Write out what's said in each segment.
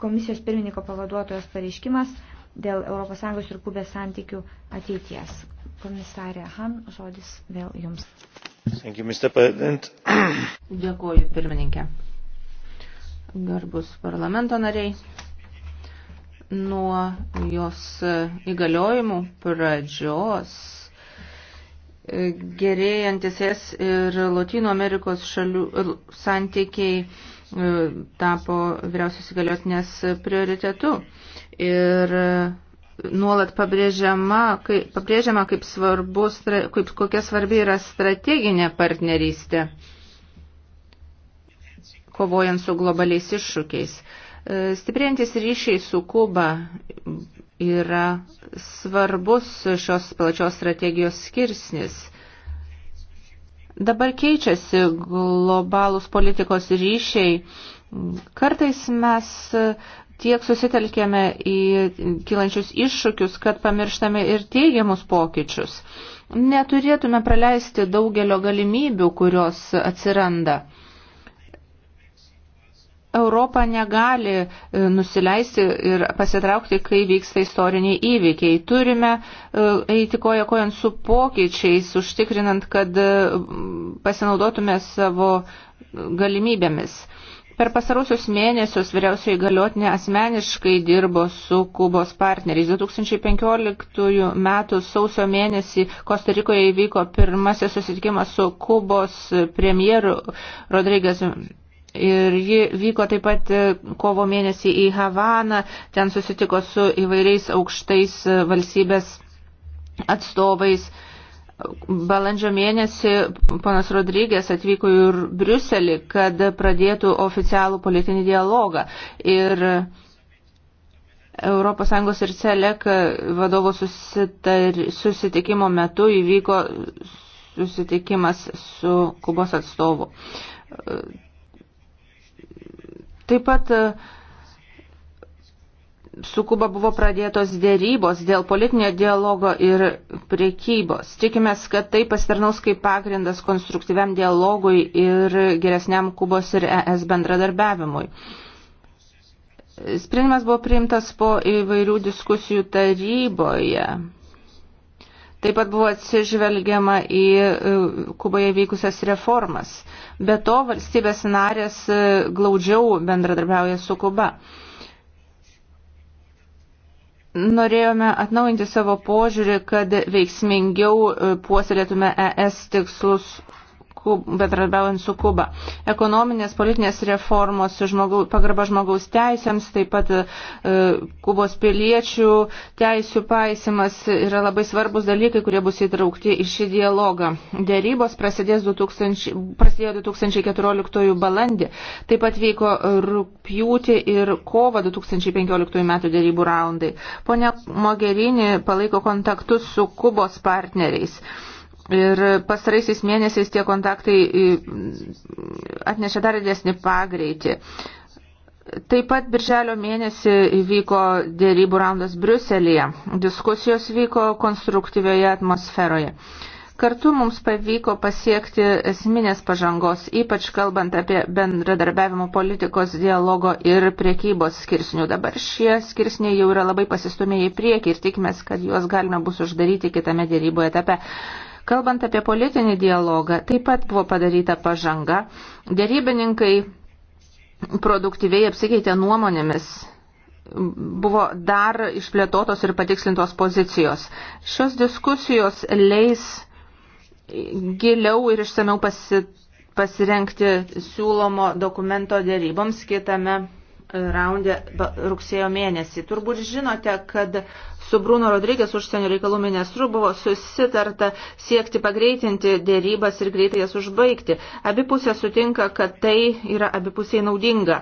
komisijos pirmininko pavaduotojos pareiškimas dėl ES ir Kubės santykių ateities. Komisarė Han, žodis vėl jums. Thank you, Mr. President. Dėkuoju, pirmininkė. Garbus parlamento nariai, nuo jos įgaliojimų pradžios gerėjantis es ir Latino Amerikos šalių santykiai E, tapo vyriausios įgaliotinės prioritetu. Ir e, nuolat pabrėžiama, kaip, pabrėžiama kaip svarbu, kaip, kokia svarbi yra strateginė partnerystė, kovojant su globaliais iššūkiais. E, stiprėjantis ryšiai su Kuba yra svarbus šios plačios strategijos skirsnis. Dabar keičiasi globalūs politikos ryšiai. Kartais mes tiek susitelkėme į kilančius iššūkius, kad pamirštame ir teigiamus pokyčius. Neturėtume praleisti daugelio galimybių, kurios atsiranda. Europa negali e, nusileisti ir pasitraukti, kai vyksta istoriniai įvykiai. Turime e, eiti koja kojant su pokyčiais, užtikrinant, kad e, pasinaudotume savo galimybėmis. Per pasarusius mėnesius vyriausioji galiotinė asmeniškai dirbo su Kubos partneriais. 2015 m. sausio mėnesį Kostarikoje įvyko pirmasis susitikimas su Kubos premjeru Rodrygės Ir ji vyko taip pat e, kovo mėnesį į Havaną, ten susitiko su įvairiais aukštais e, valstybės atstovais. Balandžio mėnesį panas Rodrygės atvyko ir Briuselį, kad pradėtų oficialų politinį dialogą. Ir ES ir CELEC vadovo susitar, susitikimo metu įvyko susitikimas su Kubos atstovu. Taip pat e, su Kuba buvo pradėtos dėrybos dėl politinio dialogo ir priekybos. Tikimės, kad tai pasitarnaus kaip pagrindas konstruktyviam dialogui ir geresniam Kubos ir ES bendradarbiavimui. Sprendimas buvo priimtas po įvairių diskusijų taryboje. Taip pat buvo atsižvelgiama į e, Kuboje vykusias reformas. Be to, valstybės narės e, glaudžiau bendradarbiauja su Kuba. Norėjome atnaujinti savo požiūrį, kad veiksmingiau e, puoselėtume ES tikslus Kub, bedradarbiaujant su Kuba. Ekonominės, politinės reformos, žmogau, pagarba žmogaus teisėms, taip pat e, Kubos piliečių teisų paisimas yra labai svarbus dalykai, kurie bus įtraukti į šį dialogą. Dėrybos prasidės 2000, prasidėjo 2014 balandį. Taip pat vyko rūpjūtį ir kovo 2015 metų dėrybų raundai. Pone Mogerini palaiko kontaktus su Kubos partneriais. Ir pastaraisiais mėnesiais tie kontaktai atnešė dar didesnį pagreitį. Taip pat birželio mėnesį vyko dėrybų raundas Briuselėje. Diskusijos vyko konstruktyvioje atmosferoje. Kartu mums pavyko pasiekti esminės pažangos, ypač kalbant apie bendradarbiavimo politikos dialogo ir priekybos skirsnių. Dabar šie skirsniai jau yra labai pasistumėję į priekį ir tikimės, kad juos galima bus uždaryti kitame dėryboje etape. Kalbant apie politinį dialogą, taip pat buvo padaryta pažanga. Dėrybininkai produktyviai apsikeitė nuomonėmis buvo dar išplėtotos ir patikslintos pozicijos. Šios diskusijos leis giliau ir išsameu pasi, pasirenkti siūlomo dokumento dėryboms kitame e, raunde rugsėjo mėnesį. Turbūt žinote, kad Su Bruno Rodrygės užsienio reikalų ministru buvo susitarta siekti pagreitinti dėrybas ir greitai jas užbaigti. Abipusė sutinka, kad tai yra abipusiai naudinga.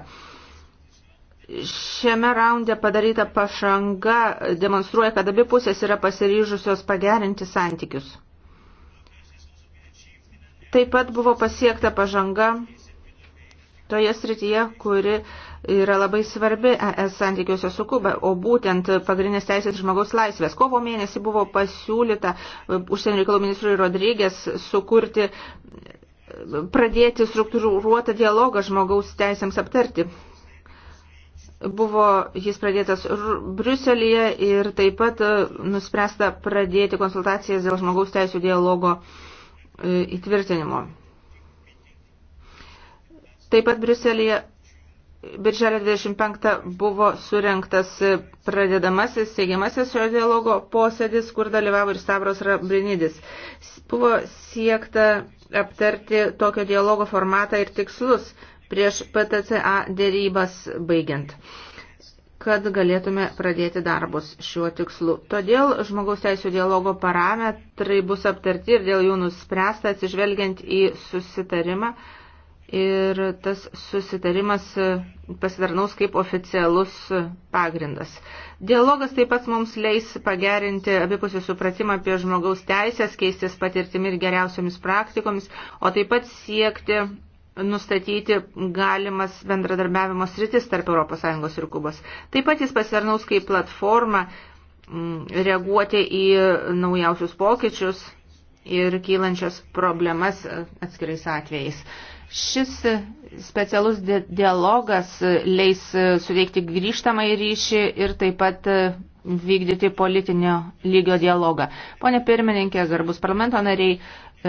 Šiame raunde padaryta pažanga demonstruoja, kad abi pusės yra pasiryžusios pagerinti santykius. Taip pat buvo pasiekta pažanga toje srityje, kuri uh, yra labai svarbi ES santykiuose su Kuba, o būtent pagrindinės teisės žmogaus laisvės. Kovo mėnesį buvo pasiūlyta e, užsienio reikalų ministrui Rodrygės sukurti, e, pradėti struktūruotą dialogą žmogaus teisėms aptarti. Buvo jis pradėtas Briuselėje ir taip pat e, nuspręsta pradėti konsultacijas dėl žmogaus teisų dialogo įtvirtinimo. Taip pat Briuselėje Birželio 25 buvo surinktas pradedamasis, steigiamasis šio dialogo posėdis, kur dalyvavo ir Stavros Rabrinidis. Buvo siekta aptarti tokio dialogo formatą ir tikslus prieš PTCA dėrybas baigiant kad galėtume pradėti darbus šiuo tikslu. Todėl žmogaus teisų dialogo parametrai bus aptarti ir dėl jų nuspręsta atsižvelgiant į susitarimą ir tas susitarimas pasidarnaus kaip oficialus pagrindas. Dialogas taip pat mums leis pagerinti abipusį supratimą apie žmogaus teisės, keistis patirtimi ir geriausiomis praktikomis, o taip pat siekti nustatyti galimas bendradarbiavimo sritis tarp ES ir Kubos. Taip pat jis pasidarnaus kaip platforma mm, reaguoti į naujausius pokyčius ir kylančias problemas atskirais atvejais. Šis specialus dialogas leis suveikti grįžtamą į ryšį ir taip pat vykdyti politinio lygio dialogą. Pone pirmininkė, garbus parlamento nariai,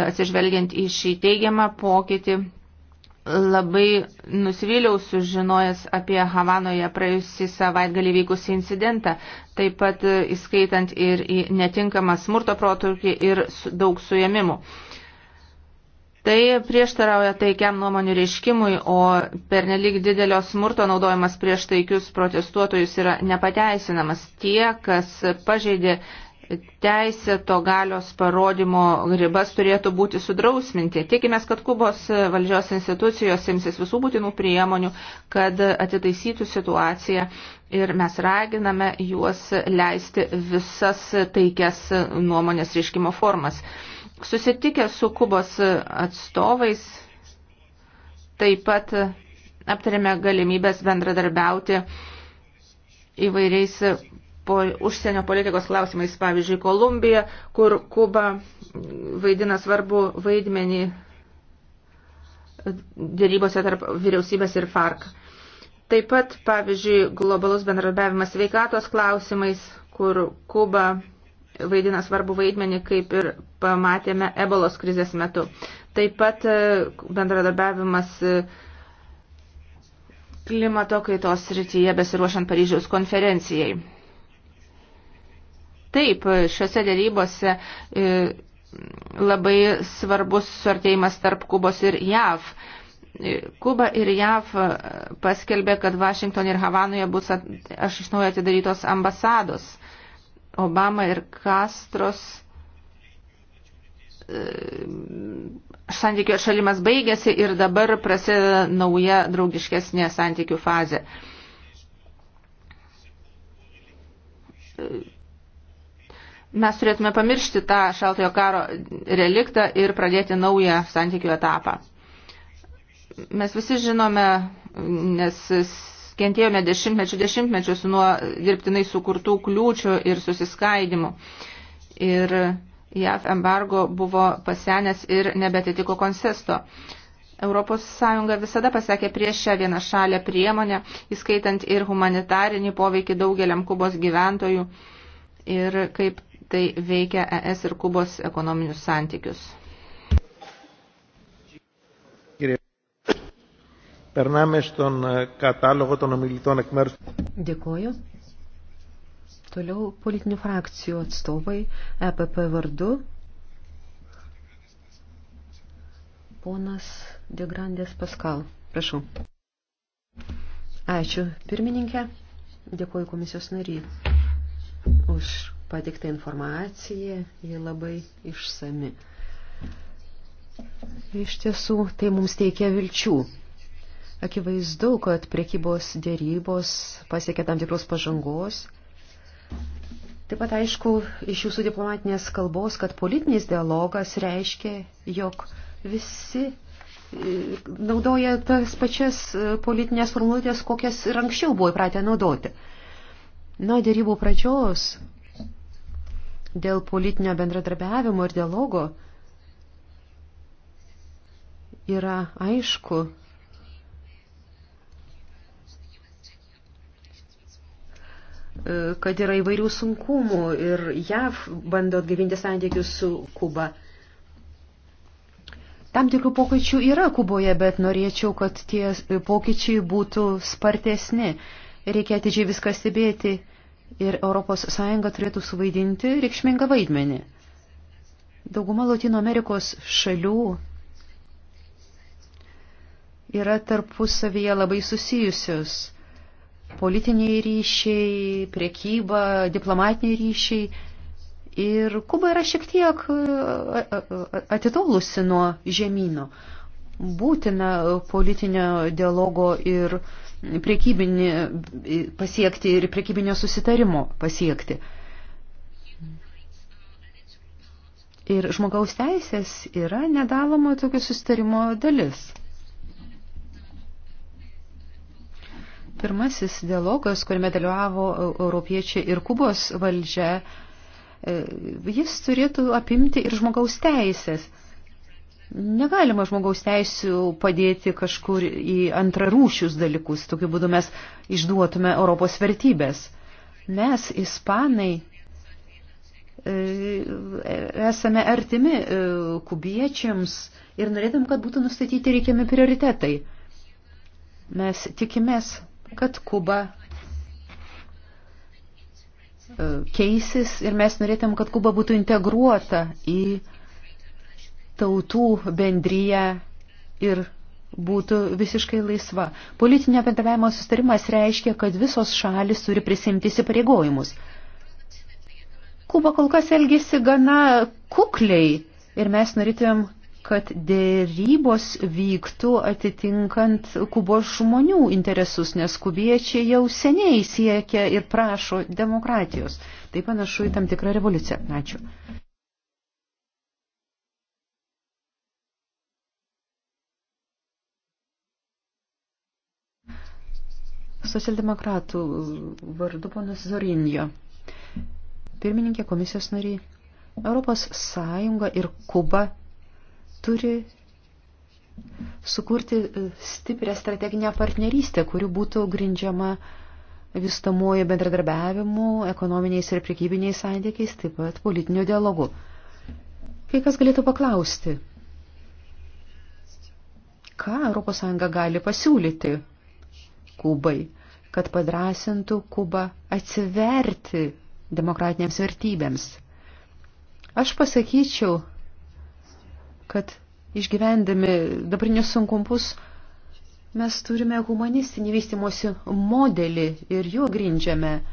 atsižvelgiant į šį teigiamą pokytį, labai nusivyliau sužinojęs apie Havanoje praėjusį savaitgalį vykusį incidentą, taip pat įskaitant ir į netinkamą smurto protrukį ir daug suėmimų. Tai prieštarauja taikiam nuomonių reiškimui, o pernelyg didelio smurto naudojimas prieš taikius protestuotojus yra nepateisinamas. Tie, kas pažeidė teisė to galios parodymo ribas turėtų būti sudrausminti. Tikimės, kad Kubos valdžios institucijos imsis visų būtinų priemonių, kad atitaisytų situaciją ir mes raginame juos leisti visas taikias nuomonės reiškimo formas. Susitikęs su Kubos atstovais, taip pat aptarėme galimybės bendradarbiauti įvairiais po užsienio politikos klausimais, pavyzdžiui, Kolumbija, kur Kuba vaidina svarbu vaidmenį dėrybose tarp vyriausybės ir FARC. Taip pat, pavyzdžiui, globalus bendradarbiavimas sveikatos klausimais, kur Kuba vaidina svarbu vaidmenį, kaip ir pamatėme ebolos krizės metu. Taip pat e, bendradarbiavimas e, klimato kaitos srityje besiruošiant Paryžiaus konferencijai. Taip, šiuose dėrybose e, labai svarbus suartėjimas tarp Kubos ir JAV. Kuba ir JAV paskelbė, kad Vašington ir Havanoje bus aš iš naujo atidarytos ambasados. Obama ir Kastros e, santykio šalimas baigėsi ir dabar prasideda nauja draugiškesnė santykių fazė. E, mes turėtume pamiršti tą šaltojo karo reliktą ir pradėti naują santykių etapą. Mes visi žinome, nes kentėjome dešimtmečių dešimtmečius nuo dirbtinai sukurtų kliūčių ir susiskaidimų. Ir JAV embargo buvo pasenęs ir nebetitiko konsesto. ES visada pasakė prieš šią vienašalę priemonę, įskaitant ir humanitarinį poveikį daugeliam Kubos gyventojų ir kaip tai veikia ES ir Kubos ekonominius santykius. Περνάμε στον κατάλογο των ομιλητών εκ μέρους. Dėkoju. Toliau politinių frakcijų atstovai EPP vardu. Ponas Degrandės Paskal. Prašau. Ačiū pirmininkė. Dėkoju komisijos nariai už pateiktą informaciją. Ji labai išsami. Iš tiesų, tai mums teikia vilčių Akivaizdu, kad priekybos dėrybos pasiekė tam tikros pažangos. Taip pat aišku iš jūsų diplomatinės kalbos, kad politinis dialogas reiškia, jog visi e, naudoja tas pačias e, politinės formuluotės, kokias ir anksčiau buvo įpratę naudoti. Nuo dėrybų pradžios dėl politinio bendradarbiavimo ir dialogo yra aišku, E, kad yra įvairių sunkumų ir JAV bando atgyvinti santykius su Kuba. Tam tikrų pokyčių yra Kuboje, bet norėčiau, kad tie pokyčiai būtų spartesni. Reikia atidžiai viską stebėti ir ES turėtų suvaidinti reikšmingą vaidmenį. Dauguma Latino Amerikos šalių yra tarpusavyje labai susijusios politiniai ryšiai, priekyba, diplomatiniai ryšiai. Ir Kuba yra šiek tiek e, e, e, atitolusi nuo žemynų. Būtina politinio dialogo ir priekybinį pasiekti ir priekybinio susitarimo pasiekti. Ir žmogaus teisės yra nedaloma tokio susitarimo dalis. Pirmasis dialogas, kuriame dalyvavo europiečiai ir Kubos valdžia, e, jis turėtų apimti ir žmogaus teisės. Negalima žmogaus teisų padėti kažkur į antrarūšius dalykus, tokiu būdu mes išduotume Europos vertybės. Mes, ispanai, e, esame artimi e, kubiečiams ir norėtum, kad būtų nustatyti reikiami prioritetai. Mes tikimės kad Kuba e, keisis ir mes norėtum, kad Kuba būtų integruota į tautų bendryje ir būtų visiškai laisva. Politinio bendravimo sustarimas reiškia, kad visos šalis turi prisimti įsipareigojimus. Kuba kol kas elgėsi gana kukliai ir mes norėtumėm, kad dėrybos vyktų atitinkant Kubos žmonių interesus, nes kubiečiai jau seniai siekia ir prašo demokratijos. Tai panašu į tam tikrą revoliuciją. Ačiū. Socialdemokratų vardu ponas Zorinjo. Pirmininkė komisijos nariai. Europos Sąjunga ir Kuba turi sukurti e, stiprią strateginę partnerystę, kuri būtų grindžiama vystamuoju bendradarbiavimu, ekonominiais ir prekybiniais santykiais, taip pat politiniu dialogu. Kai kas galėtų paklausti, ką ES gali pasiūlyti Kubai, kad padrasintų Kubą atsiverti demokratinėms vertybėms. Aš pasakyčiau, kad išgyvendami dabarinius sunkumpus mes turime humanistinį vystimosi modelį ir juo grindžiame e,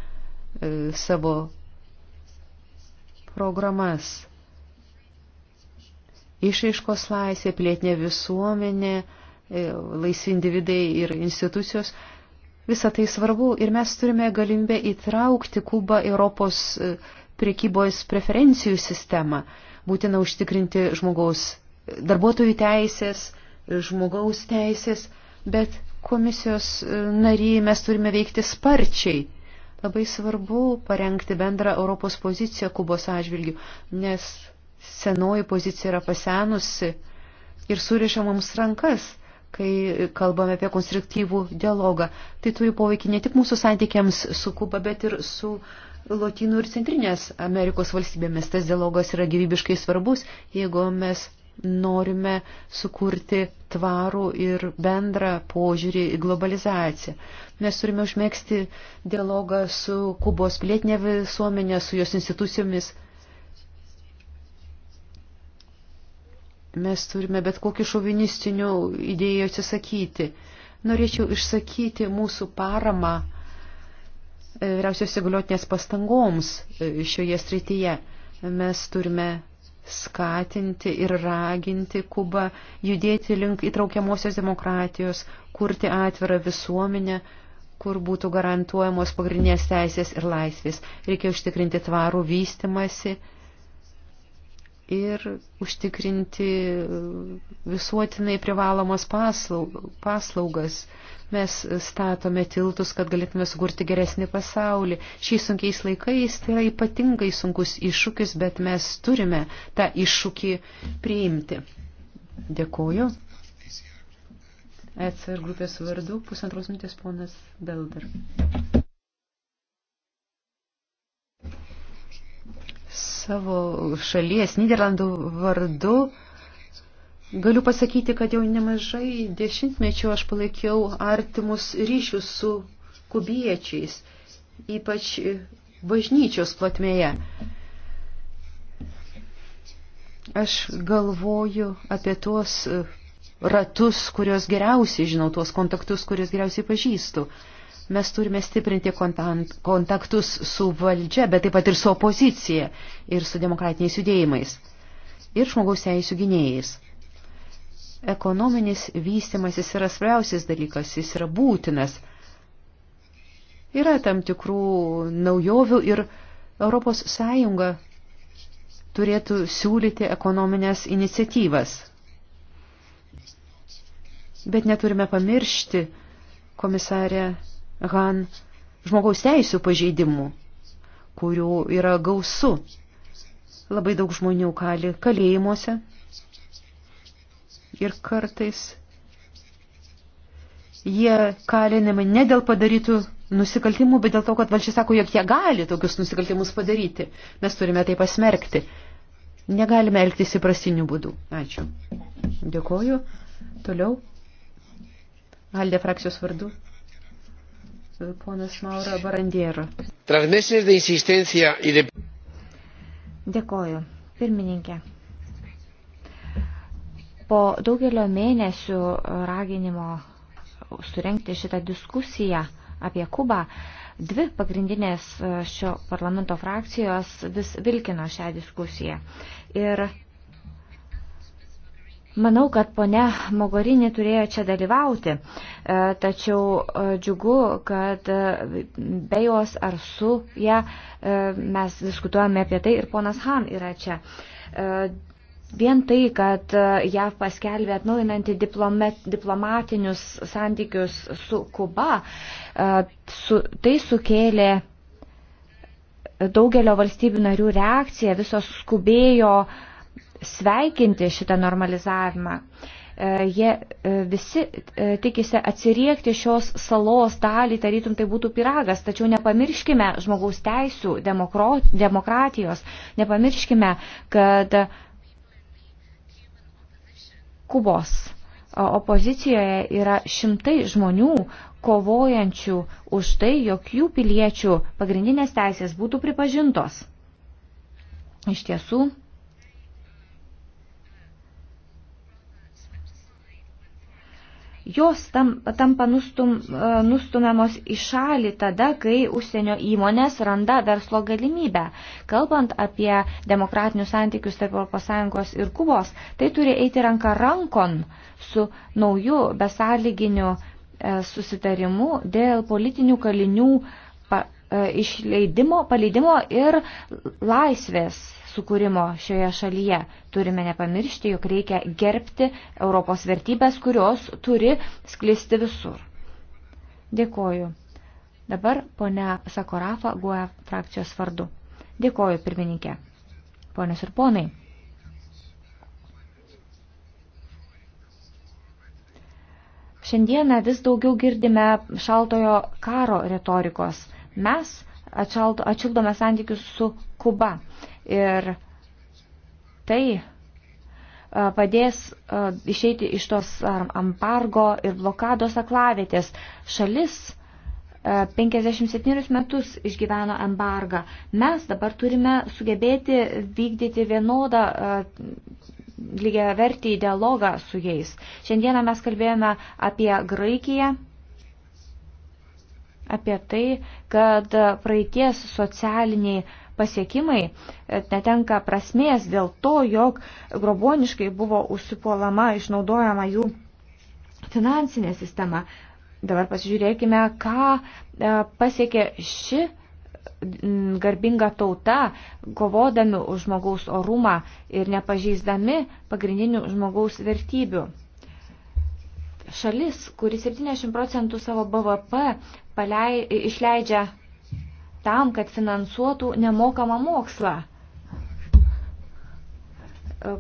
savo programas. Išaiškos laisvė, plėtinė visuomenė, e, laisvi individai ir institucijos. Visą tai svarbu ir mes turime galimybę įtraukti Kubą Europos e, prekybos preferencijų sistemą. E, būtina užtikrinti žmogaus darbuotojų teisės, žmogaus teisės, bet komisijos e, nariai mes turime veikti sparčiai. Labai svarbu parengti bendrą Europos poziciją Kubos atžvilgių, nes senoji pozicija yra pasenusi ir suriša mums rankas, kai kalbame apie konstruktyvų dialogą. Tai turi poveikį ne tik mūsų santykiams su Kuba, bet ir su uh, Lotynų ir Centrinės Amerikos valstybėmis. Tas dialogas yra gyvybiškai svarbus, jeigu mes norime sukurti tvarų ir bendrą požiūrį į globalizaciją. Mes turime užmėgsti dialogą su Kubos pilietinė visuomenė, su jos institucijomis. Mes turime bet kokį šovinistinių idėjų atsisakyti. Norėčiau išsakyti mūsų paramą uh, E, vyriausios įgaliotinės pastangoms e, šioje srityje. Mes turime skatinti ir raginti Kubą judėti link įtraukiamosios demokratijos, kurti atvirą visuomenę, kur būtų garantuojamos pagrindinės teisės ir laisvės. Reikia užtikrinti tvarų vystimasi ir užtikrinti e, visuotinai privalomas paslaugas. Mes statome tiltus, kad galėtume sukurti geresnį pasaulį. Šiais sunkiais laikais tai yra ypatingai sunkus iššūkis, bet mes turime tą iššūkį priimti. Dėkuoju. ECR grupės vardu pusantros minutės ponas Belder. savo šalies, Niderlandų vardu, galiu pasakyti, kad jau nemažai dešimtmečių aš palaikiau artimus ryšius su kubiečiais, ypač bažnyčios platmėje. Aš galvoju apie tuos ratus, kuriuos geriausiai žinau, tuos kontaktus, kuriuos geriausiai pažįstu. Uh, Mes turime stiprinti kontaktus su valdžia, bet taip pat ir su opozicija ir su demokratiniais judėjimais ir žmogaus teisų gynėjais. Ekonominis vystimasis yra svarbiausias dalykas, jis yra būtinas. Yra tam tikrų naujovių ir Europos Sąjunga turėtų siūlyti ekonominės iniciatyvas. Bet neturime pamiršti, komisarė, gan žmogaus teisų pažeidimų, kurių yra gausu. Labai daug žmonių kali kalėjimuose ir kartais jie kalinami ne dėl padarytų nusikaltimų, bet dėl to, kad valdžia sako, jog jie gali tokius nusikaltimus padaryti. Mes turime tai pasmerkti. Negalime elgtis įprastiniu būdu. Ačiū. Dėkoju. Toliau. Aldė frakcijos vardu. Ponas Maura Barandiero. Dėkoju. Pirmininkė. Po daugelio mėnesių raginimo surenkti šitą diskusiją apie Kubą, dvi pagrindinės šio parlamento frakcijos vis vilkino šią diskusiją. Ir Manau, kad ponia Mogorinė turėjo čia dalyvauti, e, tačiau e, džiugu, kad e, be jos ar su ją mes diskutuojame apie tai ir ponas Han yra čia. Vien tai, kad JAV paskelbė atnaujinantį diplomatinius santykius su Kuba, su, tai sukėlė daugelio valstybių narių reakciją, visos skubėjo uh, sveikinti šitą normalizavimą. E, jie e, visi e, tikisi atsiriekti šios salos dalį, tarytum tai būtų piragas, tačiau nepamirškime žmogaus teisų, demokratijos, nepamirškime, kad Kubos opozicijoje yra šimtai žmonių kovojančių už tai, jog jų piliečių pagrindinės teisės būtų pripažintos. Iš tiesų, jos tam, tampa nustum, e, nustumiamos į šalį tada, kai užsienio įmonės randa verslo galimybę. Kalbant apie demokratinius santykius tarp ES ir Kubos, tai turi eiti ranka rankon su nauju besąlyginiu e, susitarimu dėl politinių kalinių E, išleidimo, paleidimo ir laisvės sukūrimo šioje šalyje. Turime nepamiršti, jog reikia gerbti Europos vertybės, kurios turi sklisti visur. Dėkoju. Dabar ponia Sakorafa guoja frakcijos vardu. Dėkoju, pirmininkė. Ponios ir ponai. Šiandieną vis daugiau girdime šaltojo karo retorikos – Mes atšildome santykius su Kuba ir tai padės išeiti iš tos ambargo ir blokados aklavietės. Šalis 57 metus išgyveno embargą. Mes dabar turime sugebėti vykdyti vienodą lygiavertį dialogą su jais. Šiandieną mes kalbėjome apie Graikiją apie tai, kad praeities socialiniai pasiekimai e, netenka prasmės dėl to, jog groboniškai buvo užsipuolama, išnaudojama jų finansinė sistema. Dabar pasižiūrėkime, ką e, pasiekė ši garbinga tauta, kovodami už žmogaus orumą ir nepažeisdami pagrindinių žmogaus vertybių. Šalis, kuri 70 procentų savo BVP palei, išleidžia tam, kad finansuotų nemokamą mokslą,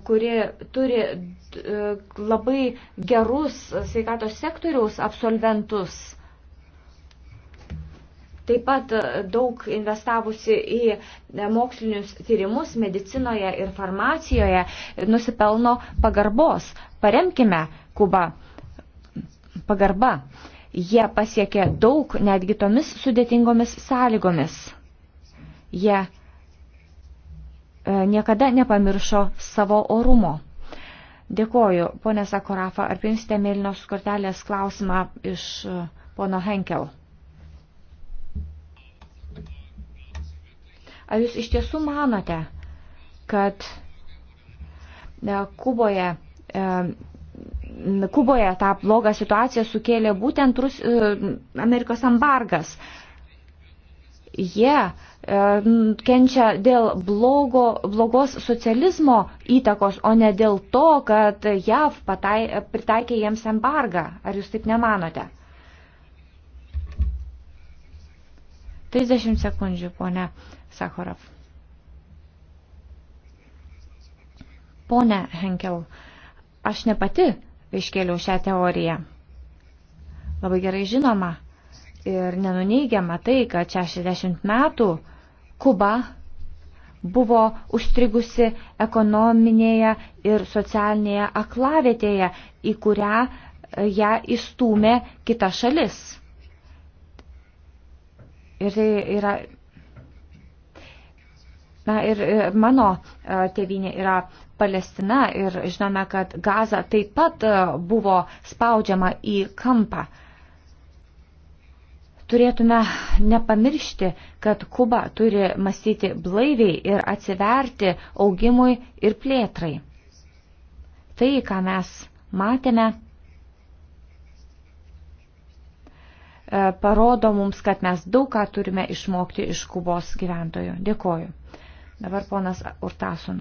kuri turi e, labai gerus sveikatos sektoriaus absolventus. Taip pat daug investavusi į mokslinius tyrimus medicinoje ir farmacijoje nusipelno pagarbos. Paremkime Kubą. Pagarba. Jie pasiekė daug netgi tomis sudėtingomis sąlygomis. Jie e, niekada nepamiršo savo orumo. Dėkoju, ponė Sakorafa, ar priimsite mėlynos kortelės klausimą iš e, pono Henkel? Ar jūs iš tiesų manote, kad e, Kuboje Kuboje tą blogą situaciją sukėlė būtent Rus, e, Amerikos embargas. Jie e, kenčia dėl blogo, blogos socializmo įtakos, o ne dėl to, kad JAV patai, pritaikė jiems embargą. Ar jūs taip nemanote? 30 sekundžių, ponė Sakorov. Pone Henkel, aš ne pati iškėliau šią teoriją. Labai gerai žinoma ir nenuneigiama tai, kad 60 metų Kuba buvo užstrigusi ekonominėje ir socialinėje aklavietėje, į kurią e, ją įstūmė kita šalis. Ir tai yra. Na ir e, mano e, tėvinė yra Palestina ir žinome, kad Gaza taip pat e, buvo spaudžiama į kampą. Turėtume nepamiršti, kad Kuba turi mąstyti blaiviai ir atsiverti augimui ir plėtrai. Tai, ką mes matėme, e, parodo mums, kad mes daug ką turime išmokti iš Kubos gyventojų. Dėkoju. Dabar ponas Urtasun.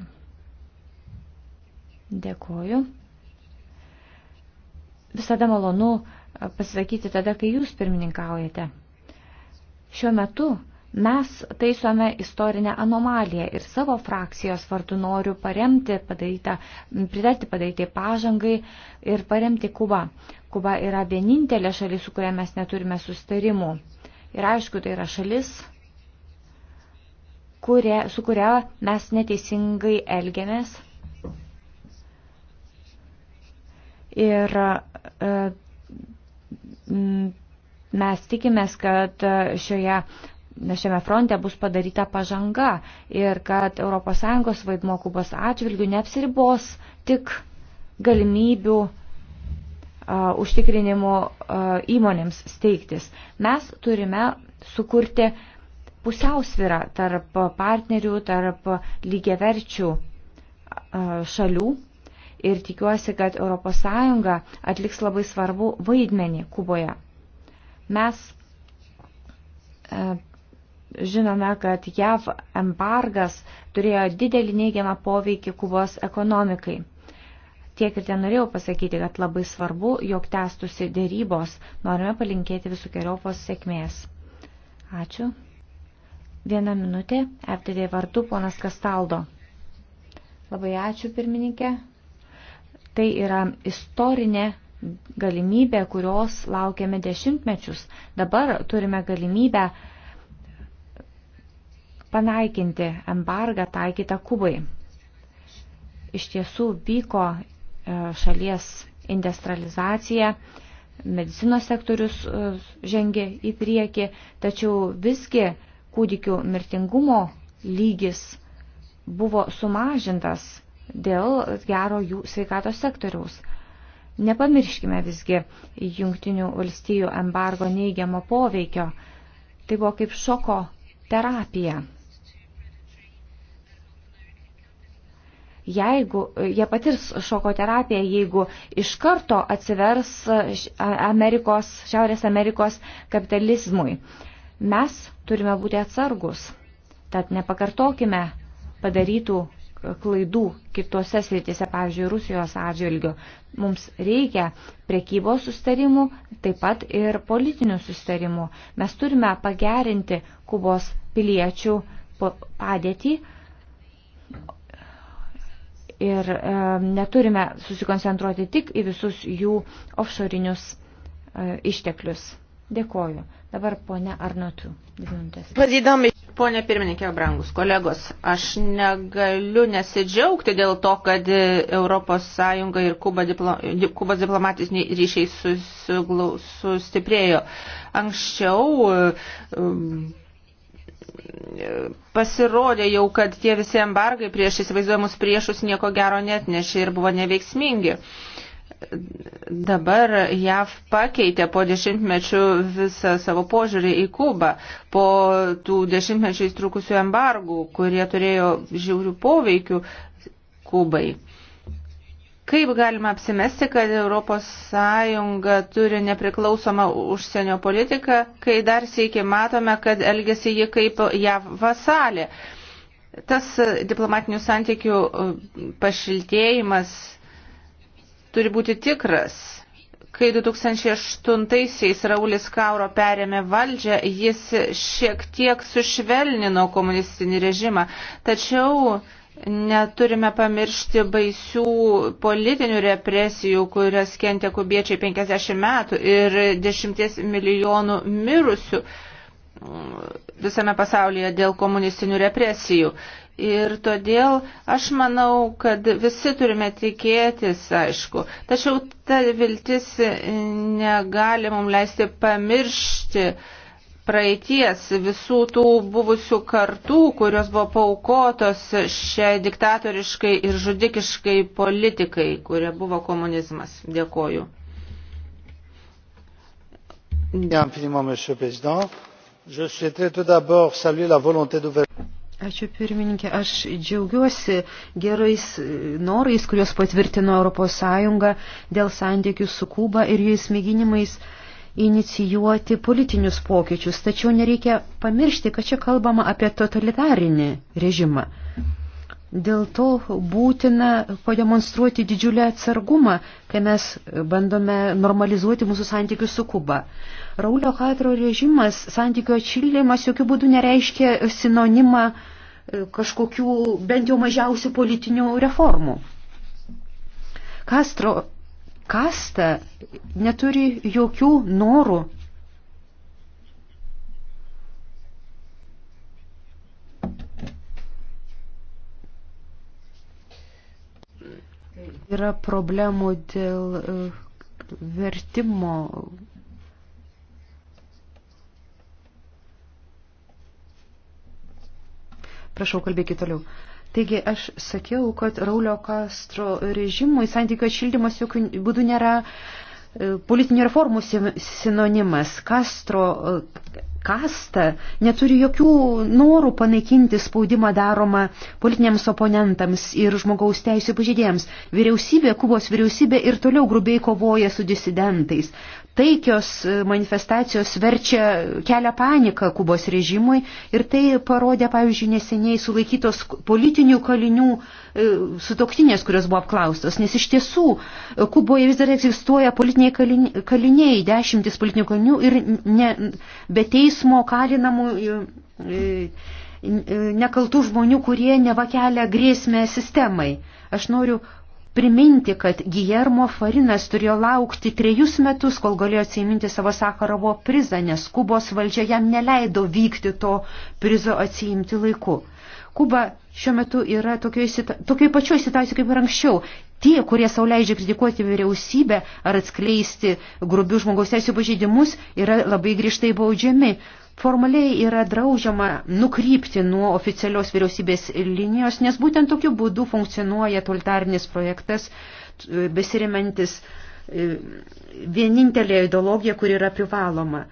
Dėkoju. Visada malonu pasisakyti tada, kai jūs pirmininkaujate. Šiuo metu mes taisome istorinę anomaliją ir savo frakcijos vardu noriu paremti padarytą, pritarti padaryti pažangai ir paremti Kubą. Kuba yra vienintelė šalis, su kuria mes neturime sustarimų. Ir aišku, tai yra šalis, kurie, su kuria mes neteisingai elgiamės Ir e, mes tikimės, kad šioje, šiame fronte bus padaryta pažanga ir kad ES vaidmo Kubos atžvilgių neapsiribos tik galimybių uh, užtikrinimu uh, įmonėms steigtis. Mes turime sukurti pusiausvyrą tarp partnerių, tarp lygiaverčių uh, šalių ir tikiuosi, kad ES atliks labai svarbu vaidmenį Kuboje. Mes e, žinome, kad JAV embargas turėjo didelį neigiamą poveikį Kubos ekonomikai. Tiek ir ten norėjau pasakyti, kad labai svarbu, jog tęstusi dėrybos. Norime palinkėti visų keriopos sėkmės. Ačiū. Viena minutė. FTD vardu ponas Kastaldo. Labai ačiū pirmininkė. Tai yra istorinė galimybė, kurios laukiame dešimtmečius. Dabar turime galimybę panaikinti embargą taikytą Kubai. Iš tiesų vyko e, šalies industrializacija, medicinos sektorius e, žengė į priekį, tačiau visgi kūdikių mirtingumo lygis buvo sumažintas dėl gero jų sveikatos sektoriaus. Nepamirškime visgi jungtinių valstijų embargo neigiamo poveikio. Tai buvo kaip šoko terapija. Jeigu jie patirs šoko terapiją, jeigu iš karto atsivers Amerikos, Šiaurės Amerikos kapitalizmui, mes turime būti atsargus. Tad nepakartokime padarytų klaidų kitose srityse, pavyzdžiui, Rusijos atžvilgiu. Mums reikia prekybos sustarimų, taip pat ir politinių sustarimų. Mes turime pagerinti Kubos piliečių padėtį ir e, neturime susikoncentruoti tik į visus jų offshorinius e, išteklius. Dėkoju. Dabar ponia Arnotu. Pone pirmininkė, brangus kolegos, aš negaliu nesidžiaugti dėl to, kad ES ir Kuba diplo, Kubos diplomatiniai ryšiai susiglau, sustiprėjo. Anksčiau um, pasirodė jau, kad tie visi embargai prieš įsivaizduojamus priešus nieko gero net nešė ir buvo neveiksmingi. Uh, dabar JAV pakeitė po dešimtmečių visą savo požiūrį į Kubą, po tų dešimtmečių įstrukusių embargų, kurie turėjo žiaurių poveikių Kubai. Kaip galima apsimesti, kad ES turi nepriklausomą užsienio politiką, kai dar sėki matome, kad elgesi ji kaip JAV vasalė. Tas diplomatinių santykių pašiltėjimas turi būti tikras. Kai 2008-aisiais Raulis Kauro perėmė valdžią, jis šiek tiek sušvelnino komunistinį režimą, tačiau neturime pamiršti baisių politinių represijų, kurias kentė kubiečiai 50 metų ir 10 milijonų mirusių visame pasaulyje dėl komunistinių represijų. Ir todėl aš manau, kad visi turime tikėtis, aišku. Tačiau ta viltis negali mums leisti pamiršti praeities visų tų buvusių kartų, kurios buvo paukotos šiai diktatoriškai ir žudikiškai politikai, kurie buvo komunizmas. Dėkoju. Bien, infiniment, monsieur le président. Je souhaiterais tout d'abord saluer la volonté d'ouverture. Ačiū pirmininkė. Aš džiaugiuosi gerais e, norais, kuriuos patvirtino ES dėl santykių su Kuba ir jais mėginimais inicijuoti politinius pokyčius. Tačiau nereikia pamiršti, kad čia kalbama apie totalitarinį režimą. Dėl to būtina pademonstruoti didžiulę atsargumą, kai mes bandome normalizuoti mūsų santykius su Kuba. Raulio Katro režimas, santykių atšildymas jokių būdų nereiškia sinonimą e, kažkokių bent jau mažiausių politinių reformų. Kastro kasta neturi jokių norų Yra problemų dėl e, vertimo. Prašau, kalbėkit toliau. Taigi aš sakiau, kad Raulio Kastro režimui santykių atšildymas jokių būdų nėra uh, E, politinių reformų sinonimas. Kastro kasta e, neturi jokių norų panaikinti spaudimą daromą politiniams oponentams ir žmogaus teisų pažydėjams. Vyriausybė, Kubos vyriausybė ir toliau grubiai kovoja su disidentais taikios manifestacijos verčia kelia paniką Kubos režimui ir tai parodė, pavyzdžiui, neseniai sulaikytos politinių kalinių e, sutoktinės, kurios buvo apklaustos, nes iš tiesų e, Kuboje vis dar egzistuoja politiniai kaliniai, kaliniai dešimtis politinių kalinių ir ne, be teismo kalinamų. E, e nekaltų žmonių, kurie nevakelia grėsmę sistemai. Aš noriu priminti, kad Guillermo Farinas turėjo laukti trejus metus, kol galėjo atsiminti savo Sakarovo prizą, nes Kubos valdžia jam neleido vykti to prizo atsiimti laiku. Kuba šiuo metu yra tokioje pačioje situacijoje kaip ir anksčiau. Tie, kurie sauliaidžia kritikuoti vyriausybę ar atskleisti grubių žmogaus teisų pažeidimus, yra labai griežtai baudžiami formaliai yra draudžiama nukrypti nuo oficialios vyriausybės linijos, nes būtent tokiu būdu funkcionuoja totalitarinis projektas e, besirimantis e, vienintelė ideologija, kur yra privaloma.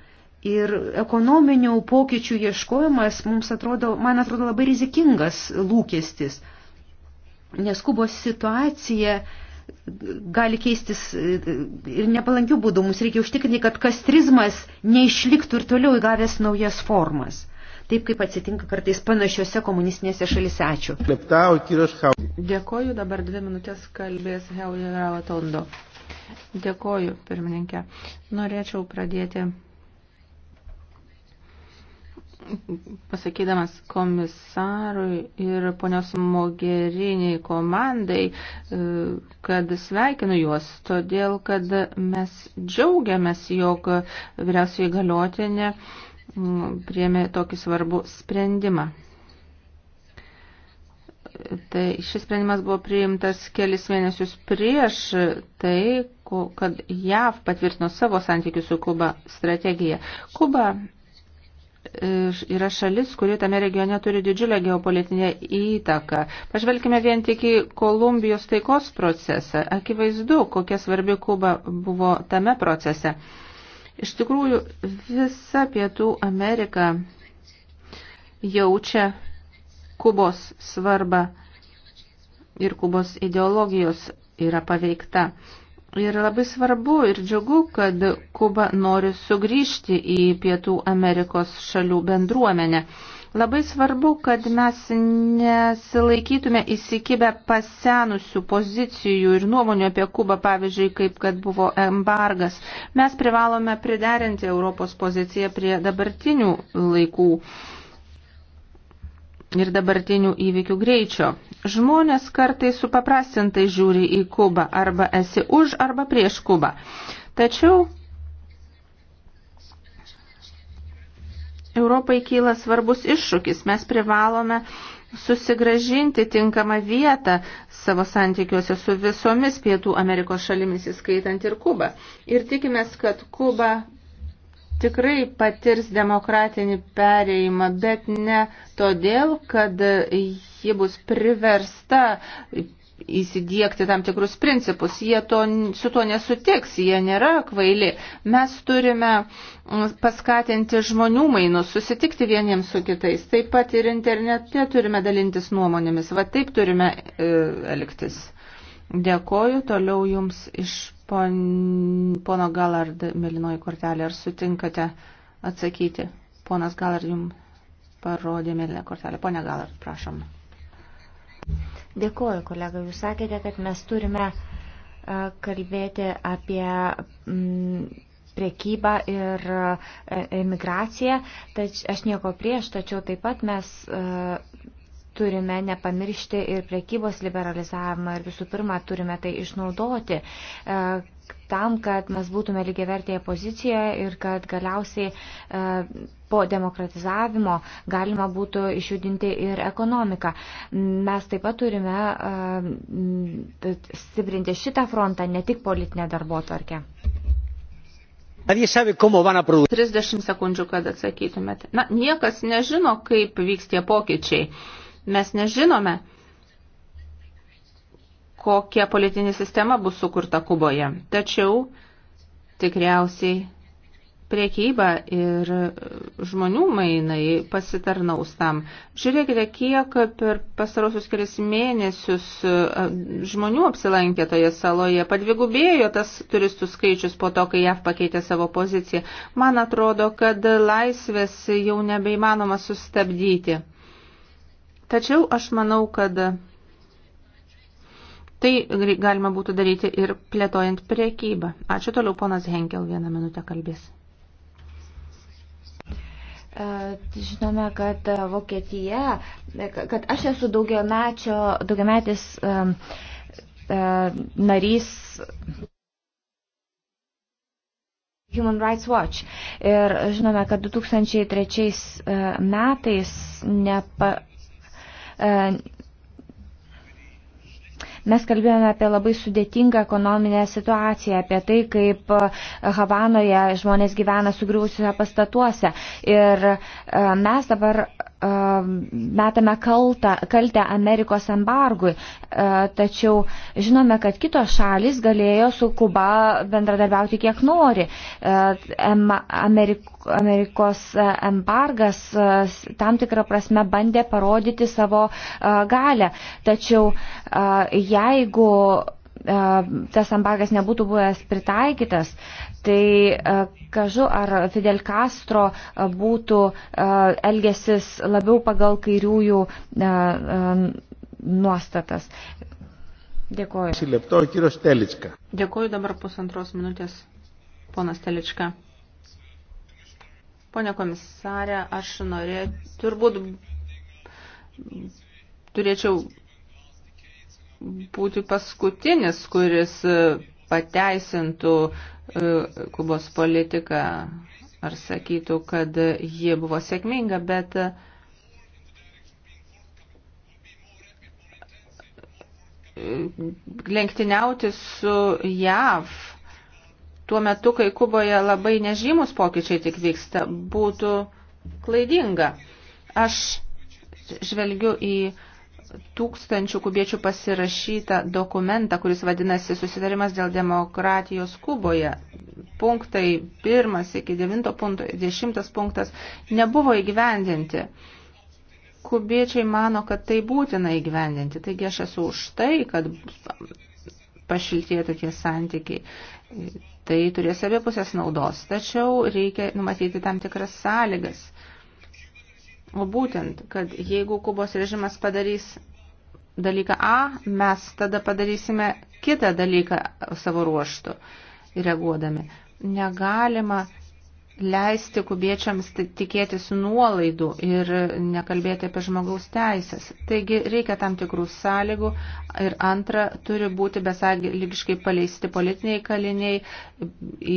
Ir ekonominių pokyčių ieškojimas mums atrodo, man atrodo labai rizikingas lūkestis, nes Kubos situacija uh, gali keistis e, ir nepalankių būdų. Mums reikia užtikrinti, kad kastrizmas neišliktų ir toliau įgavęs naujas formas. Taip kaip atsitinka kartais panašiose komunistinėse šalise. Ačiū. Dėkoju, dabar dvi minutės kalbės Heulio Rautondo. Dėkoju, pirmininkė. Norėčiau pradėti pasakydamas komisarui ir ponios Mogeriniai komandai, e, kad sveikinu juos, todėl kad mes džiaugiamės, jog vyriausiai galiotinė priemė tokį svarbų sprendimą. Tai šis sprendimas buvo priimtas kelis mėnesius prieš tai, kad JAV patvirtino savo santykių su Kuba strategiją. Kuba yra šalis, kuri tame regione turi didžiulę geopolitinę įtaką. Pažvelkime vien tik į Kolumbijos taikos procesą. Akivaizdu, kokia svarbi Kuba buvo tame procese. Iš tikrųjų, visa Pietų Amerika jaučia Kubos svarbą ir Kubos ideologijos yra paveikta. Ir labai svarbu ir džiugu, kad Kuba nori sugrįžti į Pietų Amerikos šalių bendruomenę. Labai svarbu, kad mes nesilaikytume įsikibę pasenusių pozicijų ir nuomonių apie Kubą, pavyzdžiui, kaip kad buvo embargas. Mes privalome priderinti Europos poziciją prie dabartinių laikų ir dabartinių įvykių greičio. Žmonės kartai supaprastintai žiūri į Kubą arba esi už arba prieš Kubą. Tačiau Europai kyla svarbus iššūkis. Mes privalome susigražinti tinkamą vietą savo santykiuose su visomis Pietų Amerikos šalimis, įskaitant ir Kubą. Ir tikimės, kad Kuba tikrai patirs demokratinį perėjimą, bet ne todėl, kad ji bus priversta įsidėkti tam tikrus principus. Jie to, su to nesutiks, jie nėra kvaili. Mes turime paskatinti žmonių mainus, susitikti vieniems su kitais. Taip pat ir internete turime dalintis nuomonėmis. Va taip turime e, elgtis. Dėkoju, toliau jums iš pon, pono Galard melinoji kortelė. Ar sutinkate atsakyti? Ponas Galard jums parodė melinę kortelę. Pone Galard, prašom. Dėkoju, kolega. Jūs sakėte, kad mes turime e, kalbėti apie priekybą ir e, emigraciją. Tač, aš nieko prieš, tačiau taip pat mes e, turime nepamiršti ir prekybos liberalizavimą ir visų pirma turime tai išnaudoti e, tam, kad mes būtume lygiavertėje pozicijoje ir kad galiausiai e, po demokratizavimo galima būtų išjudinti ir ekonomiką. Mes taip pat turime e, stiprinti šitą frontą, ne tik politinę darbo tvarkę. 30 sekundžių, kad atsakytumėte. Na, niekas nežino, kaip vyks tie pokyčiai. Mes nežinome, kokia politinė sistema bus sukurta Kuboje. Tačiau tikriausiai priekyba ir žmonių mainai pasitarnaus tam. Žiūrėkite, kiek per pastarosius kelias mėnesius e, žmonių apsilankė toje saloje, padvigubėjo tas turistų skaičius po to, kai JAV pakeitė savo poziciją. Man atrodo, kad laisvės jau nebeįmanoma sustabdyti. Tačiau aš manau, kad tai galima būtų daryti ir plėtojant priekybą. Ačiū toliau, ponas Henkel vieną minutę kalbės. E, žinome, kad e, Vokietija, e, kad aš esu daugiametis narys Human Rights Watch. Ir žinome, kad 2003 metais nepa, E, mes kalbėjome apie labai sudėtingą ekonominę situaciją, apie tai, kaip e, Havanoje žmonės gyvena sugriūsiuose pastatuose. Ir e, mes dabar Um, metame kaltą, kaltę Amerikos embargui, uh, tačiau žinome, kad kitos šalis galėjo su Kuba bendradarbiauti kiek nori. Uh, Amerikos uh, embargas tam tikrą prasme bandė parodyti savo galę, tačiau jeigu E, tas embargas nebūtų buvęs pritaikytas, tai e, kažu ar Fidel Castro e, būtų elgesis labiau pagal kairiųjų nuostatas. Dėkuoju. Dėkuoju dabar pusantros minutės, ponas Telička. Pone komisarė, aš norėčiau, turbūt turėčiau būti paskutinis, kuris e, pateisintų e, Kubos politiką ar sakytų, kad ji buvo sėkminga, bet e, lenktyniauti su JAV tuo metu, kai Kuboje labai nežymus pokyčiai tik vyksta, būtų klaidinga. Aš žvelgiu į uh, tūkstančių kubiečių pasirašytą dokumentą, kuris vadinasi Susitarimas dėl demokratijos Kuboje. Punktai 1 iki 9 punkto, 10 punktas nebuvo įgyvendinti. Kubiečiai mano, kad tai būtina įgyvendinti. Taigi aš esu už tai, kad pašiltėtų tie santykiai. Tai turės abipusės naudos, tačiau reikia numatyti tam tikras sąlygas O būtent, kad jeigu Kubos režimas padarys dalyką A, mes tada padarysime kitą dalyką savo ruoštų reaguodami. Negalima leisti kubiečiams tikėtis nuolaidų ir nekalbėti apie žmogaus teisės. Taigi reikia tam tikrų sąlygų ir antra, turi būti besąlygiškai paleisti politiniai kaliniai,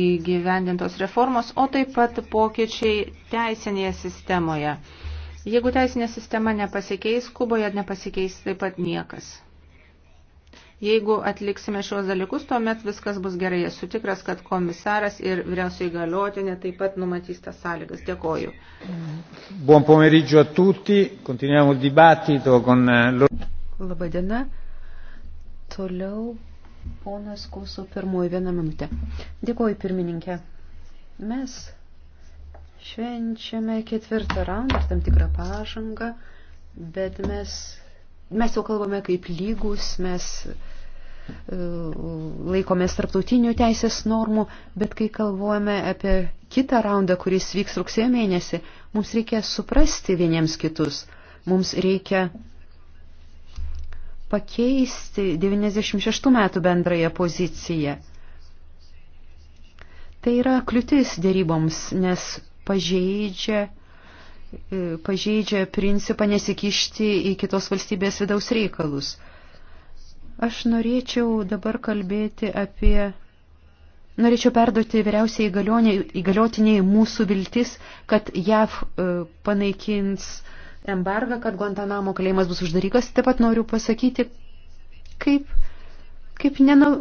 įgyvendintos reformos, o taip pat pokyčiai teisinėje sistemoje. Jeigu teisinė sistema nepasikeis, Kuboje nepasikeis taip pat niekas. Jeigu atliksime šios dalykus, tuomet viskas bus gerai. Esu tikras, kad komisaras ir vyriausiai galiotinė taip pat numatys tas sąlygas. Dėkoju. Buon pomeriggio a tutti. Continuiamo il dibattito con... Eh, Labadiena. Toliau ponas Kuso pirmoji vieną minutę. Dėkoju pirmininkė. Mes Švenčiame ketvirtą raundą ir tam tikrą pažangą, bet mes, mes jau kalbame kaip lygus, mes e, laikomės tarptautinių teisės normų, bet kai kalbuojame apie kitą raundą, kuris vyks rugsėjo mėnesį, mums reikia suprasti vieniems kitus, mums reikia pakeisti 96 metų bendrąją poziciją. Tai yra kliūtis dėryboms, nes pažeidžia, e, pažeidžia principą nesikišti į kitos valstybės vidaus reikalus. Aš norėčiau dabar kalbėti apie Norėčiau perduoti vyriausiai įgaliotiniai mūsų viltis, kad JAV e, panaikins embargą, kad Guantanamo kalėjimas bus uždarytas. Taip pat noriu pasakyti, kaip, kaip nenau,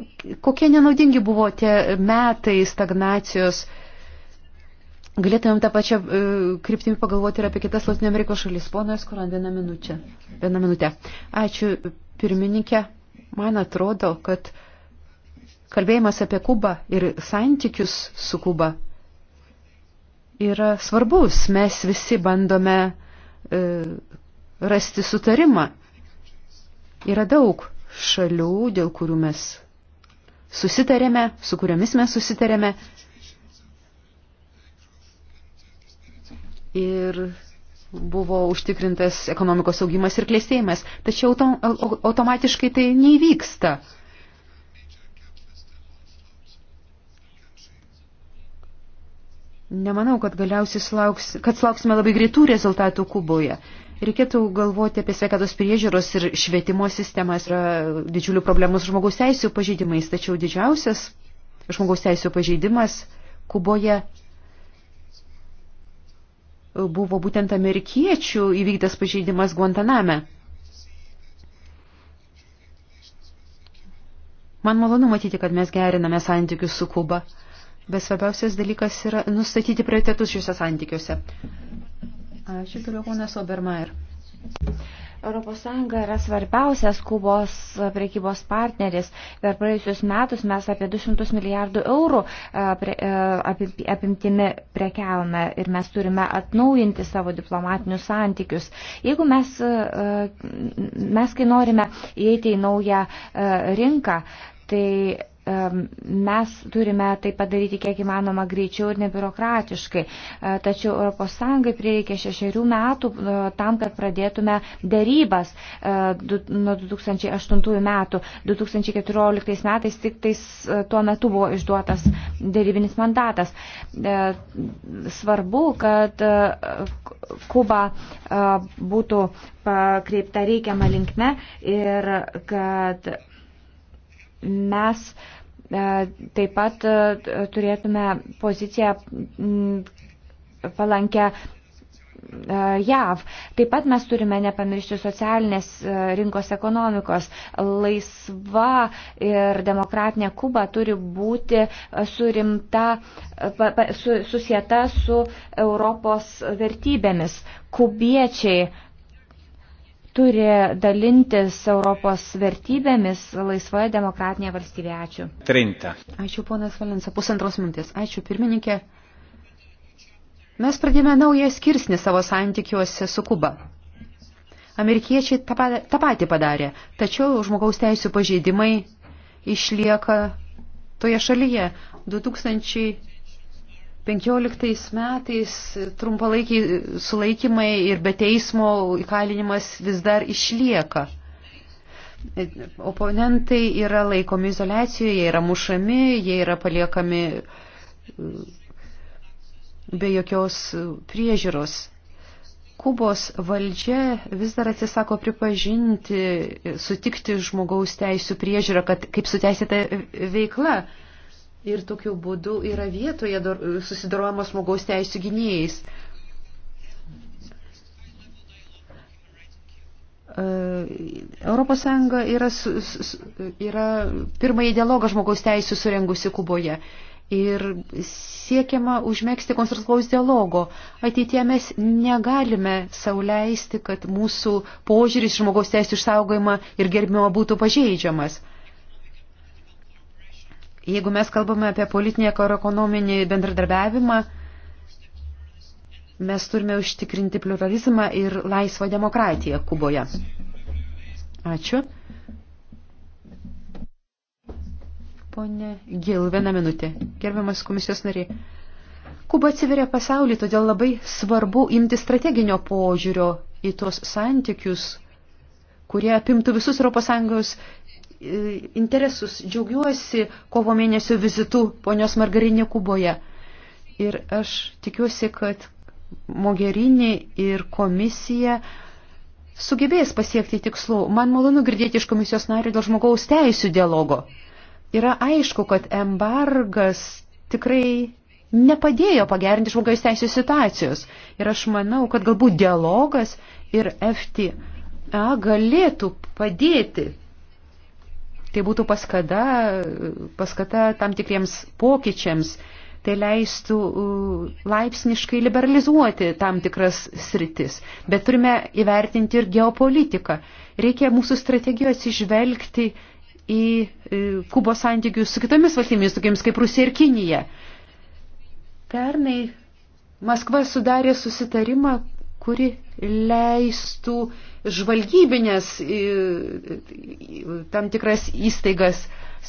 kokie nenaudingi buvo tie metai stagnacijos Galėtumėm tą pačią e, kryptimį pagalvoti ir apie kitas Latinio Amerikos šalis. Ponas Koran, vieną minutę. Vieną minutę. Ačiū, pirmininkė. Man atrodo, kad kalbėjimas apie Kubą ir santykius su Kuba yra svarbus. Mes visi bandome e, rasti sutarimą. Yra daug šalių, dėl kurių mes susitarėme, su kuriomis mes susitarėme. ir buvo užtikrintas ekonomikos augimas ir klėstėjimas. Tačiau autom, automatiškai tai neįvyksta. Nemanau, kad galiausiai sulauks, kad sulauksime labai greitų rezultatų Kuboje. Reikėtų galvoti apie sveikatos priežiūros ir švietimo sistemas. Yra didžiulių problemų su žmogaus teisų pažeidimais, tačiau didžiausias žmogaus teisų pažeidimas Kuboje buvo būtent amerikiečių įvykdytas pažeidimas Guantaname. Man malonu matyti, kad mes geriname santykius su Kuba, bet svarbiausias dalykas yra nustatyti prioritetus šiuose santykiuose. Ačiū toliau, ponas Obermeier. ES yra svarbiausias Kubos prekybos partneris. Per praėjusius metus mes apie 200 milijardų eurų apimtimi prekiavome ir mes turime atnaujinti savo diplomatinius santykius. Jeigu mes, mes kai norime įeiti į naują rinką, tai Mes turime tai padaryti kiek įmanoma greičiau ir nebiurokratiškai. E, tačiau ES prireikė šešerių metų e, tam, kad pradėtume dėrybas e, nuo 2008 metų. 2014 metais tik tais tuo metu buvo išduotas dėrybinis mandatas. Svarbu, kad Kuba būtų pakreipta reikiamą linkme ir kad mes uh, E, taip pat e, turėtume poziciją palankę e, JAV. Taip pat mes turime nepamiršti socialinės rinkos ekonomikos. Laisva ir demokratinė Kuba turi būti surimta, susieta su Europos vertybėmis. Kubiečiai turi dalintis Europos vertybėmis laisvoje demokratinėje valstybėje. Ačiū. 30. Ačiū, ponas Valensa. Pusantros mintis. Ačiū, pirmininkė. Mes pradėjome naują skirsnį savo santykiuose su Kuba. Amerikiečiai tą patį padarė, tačiau žmogaus teisų pažeidimai išlieka toje šalyje. 2000 15 metais trumpalaikiai sulaikymai ir be teismo įkalinimas vis dar išlieka. Oponentai yra laikomi izolacijoje, jie yra mušami, jie yra paliekami e, be jokios priežiūros. Kubos valdžia vis dar atsisako pripažinti, sutikti žmogaus teisų priežiūrą, kad kaip suteisėta veikla ir tokiu būdu yra vietoje susidarojama žmogaus teisų gynėjais. E, Europos Sąjunga yra, yra pirmąjį dialogą žmogaus teisų surengusi Kuboje ir siekiama užmėgsti konstruktyvaus dialogo. Ateitie mes negalime sauliaisti, kad mūsų požiūris žmogaus teisų išsaugojimą ir gerbimą būtų pažeidžiamas. Jeigu mes kalbame apie politinį ir ekonominį bendradarbiavimą, mes turime užtikrinti pluralizmą ir laisvą demokratiją Kuboje. Ačiū. Pone Gil, vieną minutę. Gerbiamas komisijos nariai. Kuba atsiveria pasaulį, todėl labai svarbu imti strateginio požiūrio į tuos santykius, kurie apimtų visus ES interesus. Džiaugiuosi kovo mėnesio vizitu ponios Margarinė Kuboje. Ir aš tikiuosi, kad Mogerinė ir komisija sugebės pasiekti tikslų. Man malonu girdėti iš komisijos narių dėl žmogaus teisų dialogo. Yra aišku, kad embargas tikrai nepadėjo pagerinti žmogaus teisų situacijos. Ir aš manau, kad galbūt dialogas ir FTA galėtų padėti Tai būtų paskada, paskata tam tikriems pokyčiams, tai leistų laipsniškai liberalizuoti tam tikras sritis. Bet turime įvertinti ir geopolitiką. Reikia mūsų strategijos atsižvelgti į e, Kubos santykius su kitomis valstybėmis, tokiamis kaip Rusija ir Kinija. Pernai Maskva sudarė susitarimą, kuri leistų žvalgybinės tam tikras įstaigas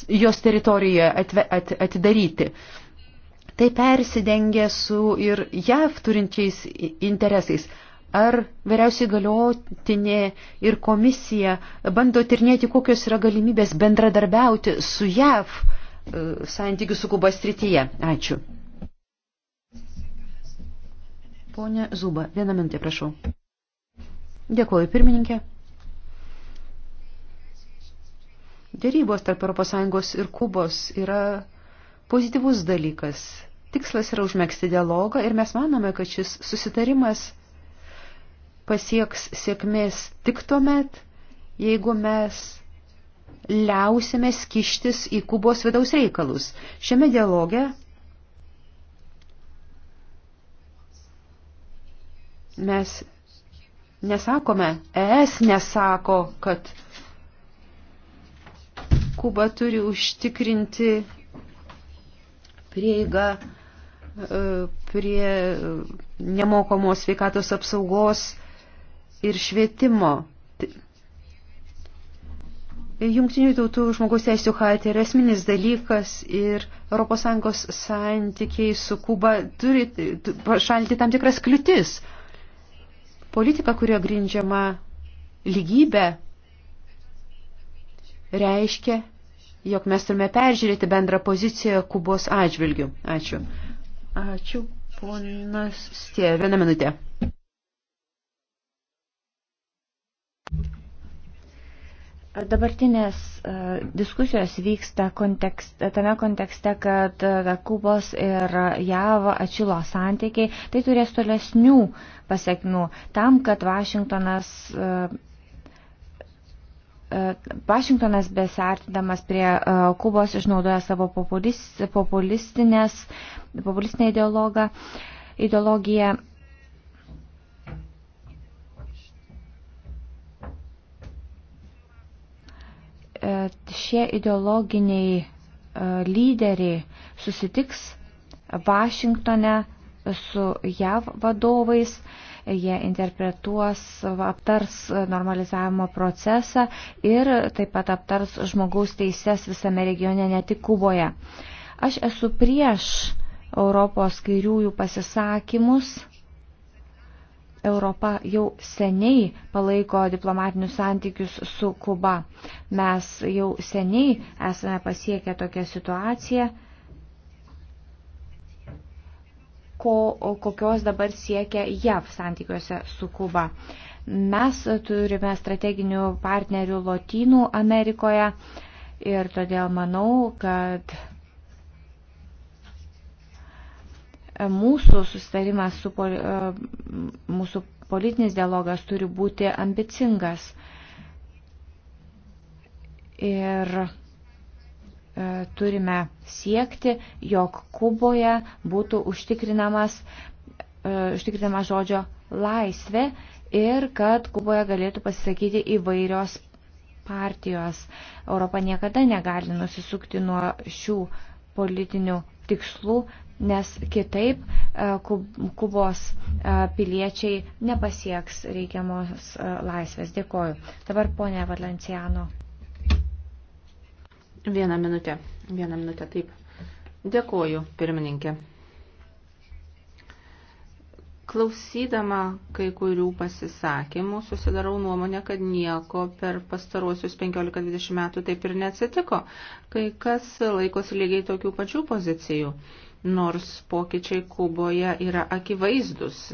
jos teritorijoje atidaryti. Tai persidengia su ir JAV turinčiais interesais. Ar vyriausiai galiotinė ir komisija bando tirnėti, kokios yra galimybės bendradarbiauti su JAV e, santykių su Kubos srityje? Ačiū. Pone Zuba, vieną minutę, prašau. Dėkuoju, pirmininkė. Dėrybos tarp ES ir Kubos yra pozityvus dalykas. Tikslas yra užmėgsti dialogą ir mes manome, kad šis susitarimas pasieks sėkmės tik tuomet, jeigu mes liausime kištis į Kubos vidaus reikalus. Šiame dialoge mes nesakome, ES nesako, kad Kuba turi užtikrinti prieigą e, prie nemokamos sveikatos apsaugos ir švietimo. Jungtinių tautų žmogaus teisų chartija yra esminis dalykas ir ES santykiai su Kuba turi pašalinti tam tikras kliūtis. Politika, kurio grindžiama lygybė, reiškia, jog mes turime peržiūrėti bendrą poziciją Kubos atžvilgių. Ačiū. Ačiū, ponas Stie. Vieną minutę. Dabartinės e, diskusijos vyksta kontekst, tame kontekste, kad e, Kubos ir JAV atšilo santykiai. Tai turės tolesnių pasiekmių tam, kad Vašingtonas. E, Vašingtonas besartindamas prie Kubos išnaudoja savo populistinę ideologiją E, šie ideologiniai e, lyderiai susitiks Vašingtone su JAV vadovais, jie interpretuos, aptars normalizavimo procesą ir taip pat aptars žmogaus teises visame regione, ne tik Kuboje. Aš esu prieš Europos kairiųjų pasisakymus Europa jau seniai palaiko diplomatinius santykius su Kuba. Mes jau seniai esame pasiekę tokią situaciją, ko, kokios dabar siekia JAV santykiuose su Kuba. Mes turime strateginių partnerių Lotynų Amerikoje ir todėl manau, kad E, mūsų sustarimas su poli, e, mūsų politinis dialogas turi būti ambicingas. Ir e, turime siekti, jog Kuboje būtų užtikrinamas, užtikrinama žodžio laisvė ir kad Kuboje galėtų pasisakyti įvairios partijos. Europa niekada negali nusisukti nuo šių politinių tikslų nes kitaip e, Kubos e, piliečiai nepasieks reikiamos e, laisvės. Dėkoju. Dabar ponė Valenciano. Vieną minutę. Vieną minutę, taip. Dėkoju, pirmininkė. Klausydama kai kurių pasisakymų, susidarau nuomonę, kad nieko per pastaruosius 15-20 metų taip ir neatsitiko. Kai kas laikosi lygiai tokių pačių pozicijų nors pokyčiai Kuboje yra akivaizdus,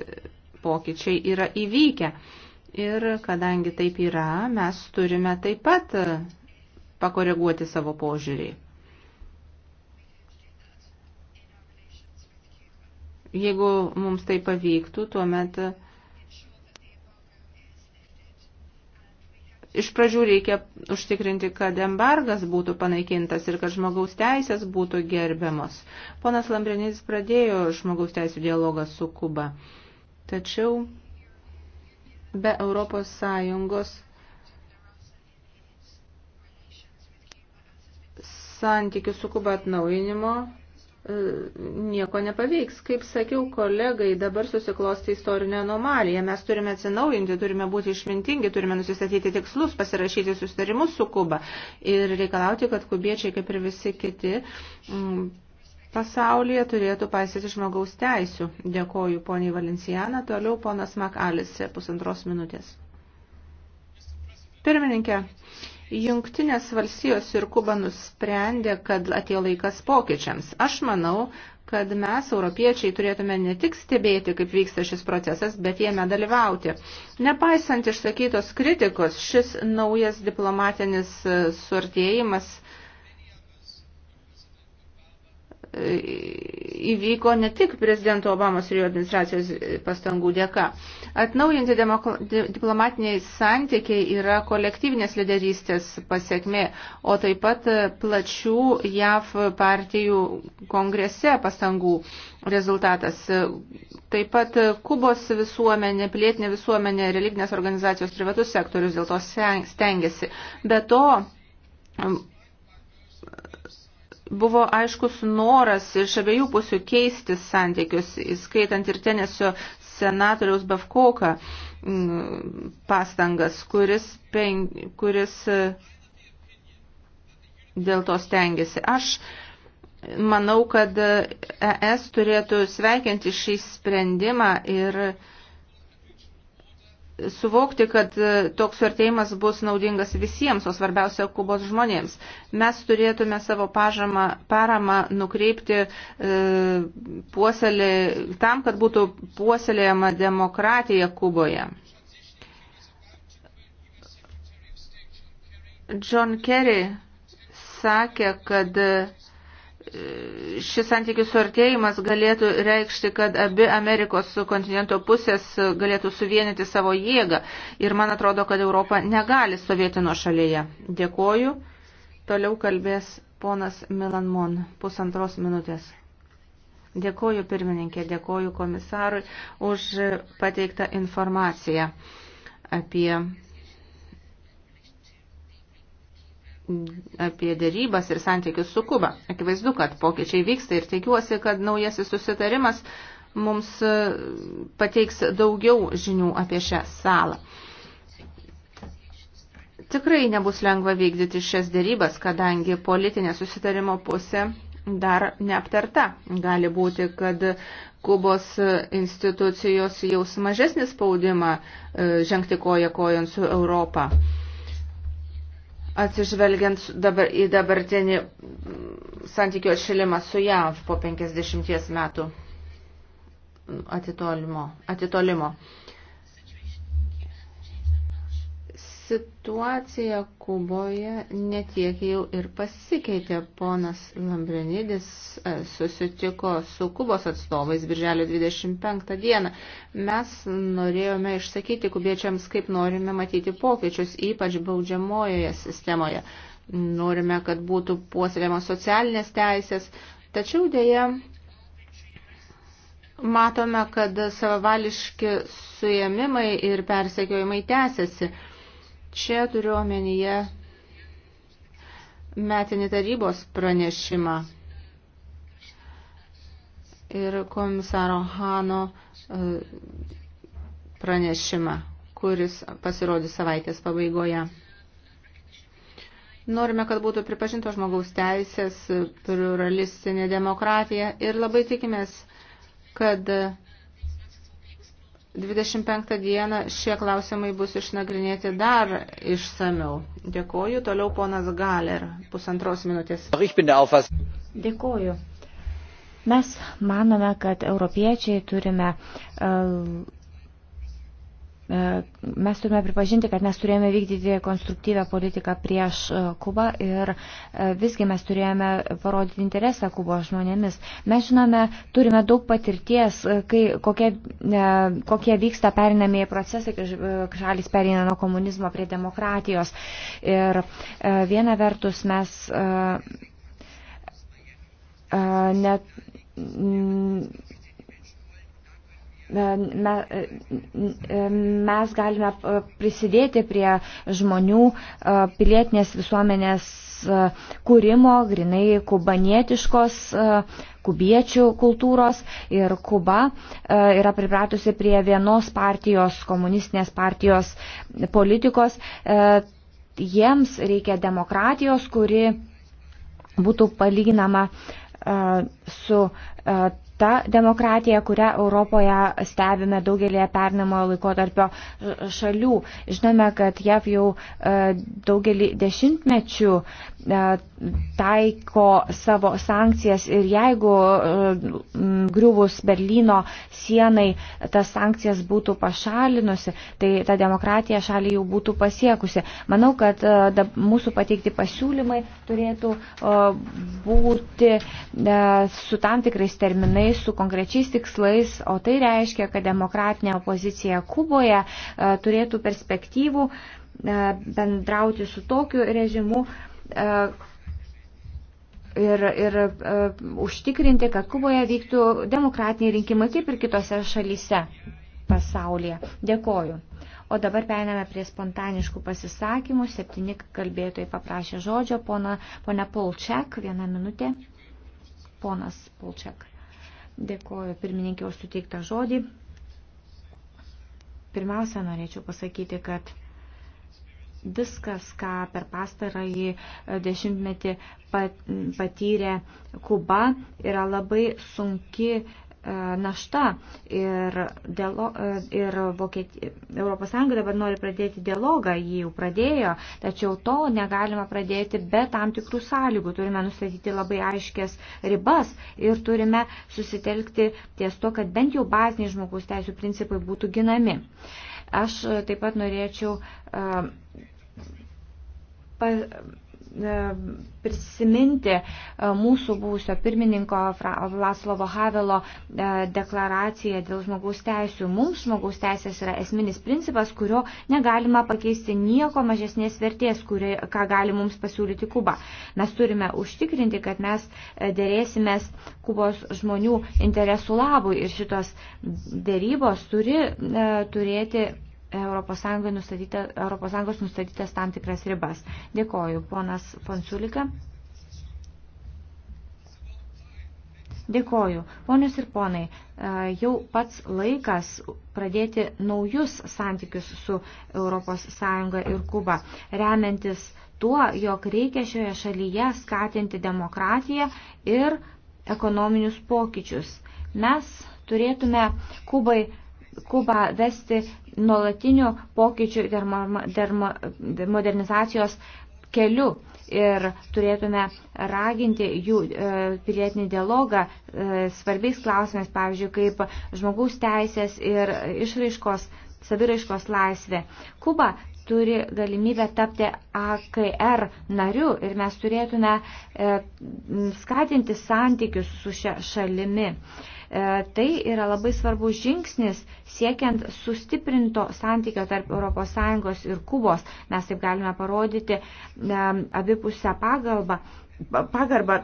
pokyčiai yra įvykę. Ir kadangi taip yra, mes turime taip pat pakoreguoti savo požiūrį. Jeigu mums tai pavyktų, tuomet iš pradžių reikia užtikrinti, kad embargas būtų panaikintas ir kad žmogaus teisės būtų gerbiamos. Ponas Lambrinis pradėjo žmogaus teisų dialogą su Kuba. Tačiau be Europos Sąjungos santykių su Kuba atnaujinimo E, nieko nepaveiks. Kaip sakiau, kolegai, dabar susiklosti istorinė anomalija. Mes turime atsinaujinti, turime būti išmintingi, turime nusistatyti tikslus, pasirašyti sustarimus su Kuba ir reikalauti, kad kubiečiai, kaip ir visi kiti, pasaulyje turėtų paisyti žmogaus teisių. Dėkoju poniai Valenciana, toliau ponas Makalis, pusantros minutės. Pirmininkė, Jungtinės valstijos ir Kuba nusprendė, kad atėjo laikas pokyčiams. Aš manau, kad mes, europiečiai, turėtume ne tik stebėti, kaip vyksta šis procesas, bet jame dalyvauti. Nepaisant išsakytos kritikos, šis naujas diplomatinis e, suartėjimas įvyko ne tik prezidento Obamos ir jo administracijos pastangų dėka. Atnaujinti diplomatiniai santykiai yra kolektyvinės lyderystės pasiekmė, o taip pat plačių JAV partijų kongrese pastangų rezultatas. Taip pat Kubos visuomenė, pilietinė visuomenė, religinės organizacijos privatus sektorius dėl to stengiasi. Be to, buvo aiškus noras iš abiejų pusių keistis santykius, įskaitant ir tenesio senatoriaus Bavkoką mm, pastangas, kuris, pen, kuris e, dėl to stengiasi. Aš manau, kad ES e turėtų sveikinti šį sprendimą ir suvokti, kad e, toks suartėjimas bus naudingas visiems, o svarbiausia Kubos žmonėms. Mes turėtume savo pažamą, paramą nukreipti e, puoselė, tam, kad būtų puoselėjama demokratija Kuboje. John Kerry sakė, kad e, šis santykių suartėjimas galėtų reikšti, kad abi Amerikos kontinento pusės galėtų suvienyti savo jėgą. Ir man atrodo, kad Europa negali stovėti nuo šalyje. Dėkoju. Toliau kalbės ponas Milan Mon. Pusantros minutės. Dėkoju pirmininkė, dėkoju komisarui už pateiktą informaciją apie apie dėrybas ir santykius su Kuba. Akivaizdu, kad pokyčiai vyksta ir tikiuosi, kad naujasis susitarimas mums e, pateiks daugiau žinių apie šią salą. Tikrai nebus lengva vykdyti šias dėrybas, kadangi politinė susitarimo pusė dar neaptarta. Gali būti, kad Kubos institucijos jaus mažesnį spaudimą e, žengti koja kojon su Europą atsižvelgiant dabar į dabartinį santykių atšilimą su JAV po 50 metų atitolimo. atitolimo. situacija Kuboje netiek jau ir pasikeitė. Ponas Lambrinidis e, susitiko su Kubos atstovais birželio 25 dieną. Mes norėjome išsakyti kubiečiams, kaip norime matyti pokyčius, ypač baudžiamojoje sistemoje. Norime, kad būtų puoselėmas socialinės teisės, tačiau dėja matome, kad savavališki suėmimai ir persekiojimai tęsiasi. Čia turiu omenyje metinį tarybos pranešimą ir komisaro Hano e, pranešimą, kuris pasirodys savaitės pabaigoje. Norime, kad būtų pripažinto žmogaus teisės, pluralistinė demokratija ir labai tikimės, kad 25 dieną šie klausimai bus išnagrinėti dar išsamiau. Dėkoju. Toliau ponas Galer, pusantros minutės. Dėkoju. Mes manome, kad europiečiai turime e, E, mes turime pripažinti, kad mes turėjome vykdyti konstruktyvę politiką prieš e, Kubą ir e, visgi mes turėjome parodyti interesą Kubos žmonėmis. Mes žinome, turime daug patirties, kai, kokie, kokie vyksta perinamieji procesai, kai šalis perina nuo komunizmo prie demokratijos. Ir viena vertus mes net E, e, e, mes galime prisidėti prie žmonių pilietinės visuomenės kūrimo, grinai kubanietiškos, kubiečių kultūros ir Kuba yra pripratusi prie vienos partijos, komunistinės partijos politikos. Jiems reikia demokratijos, kuri būtų palyginama su ta demokratija, kurią Europoje stebime daugelėje pernamojo laikotarpio šalių. Žinome, kad JAV jau e, daugelį dešimtmečių e, taiko savo sankcijas ir jeigu e, griuvus Berlyno sienai tas sankcijas būtų pašalinusi, tai ta demokratija šalį jau būtų pasiekusi. Manau, kad mūsų pateikti pasiūlymai turėtų būti su tam tikrais terminais planais, su konkrečiais tikslais, o tai reiškia, kad demokratinė opozicija Kuboje e, turėtų perspektyvų e, bendrauti su tokiu režimu e, ir, ir užtikrinti, kad Kuboje vyktų demokratiniai rinkimai kaip ir kitose šalyse pasaulyje. Dėkoju. O dabar peiname prie spontaniškų pasisakymų. Septyni kalbėtojai paprašė žodžio. Pona, pona Polčiak, viena minutė. Ponas Polčiak. Dėkoju pirmininkė už suteiktą žodį. Pirmiausia, norėčiau pasakyti, kad viskas, ką per pastarąjį dešimtmetį patyrė Kuba, yra labai sunki E, našta. Ir, dialo, e, ir Vokietija, ES dabar nori pradėti dialogą, jį jau pradėjo, tačiau to negalima pradėti be tam tikrų sąlygų. Turime nustatyti labai aiškės ribas ir turime susitelkti ties to, kad bent jau baziniai žmogus teisų principai būtų ginami. Aš taip pat norėčiau. Uh, pa, E, prisiminti e, mūsų būsio pirmininko Vlaslovo Havelo e, deklaraciją dėl žmogaus teisų. Mums žmogaus teisės yra esminis principas, kurio negalima pakeisti nieko mažesnės vertės, kuri, ką gali mums pasiūlyti Kuba. Mes turime užtikrinti, kad mes dėrėsimės Kubos žmonių interesų labui ir šitos dėrybos turi e, turėti ES nustatyta, ES nustatytas tam tikras ribas. Dėkoju, ponas Fonsulika. Dėkoju. Ponius ir ponai, e, jau pats laikas pradėti naujus santykius su ES ir Kuba, remiantis tuo, jog reikia šioje šalyje skatinti demokratiją ir ekonominius pokyčius. Mes turėtume Kubai Kubą vesti nuolatinių pokyčių ir modernizacijos keliu ir turėtume raginti jų e, pilietinį dialogą e, svarbiais klausimais, pavyzdžiui, kaip žmogaus teisės ir išraiškos, saviraiškos laisvė. Kuba turi galimybę tapti AKR nariu ir mes turėtume e, skatinti santykius su šia šalimi. E, E, tai yra labai svarbus žingsnis siekiant sustiprinto santykio tarp ES ir Kubos. Mes taip galime parodyti e, abipusę pagalbą, pagarbą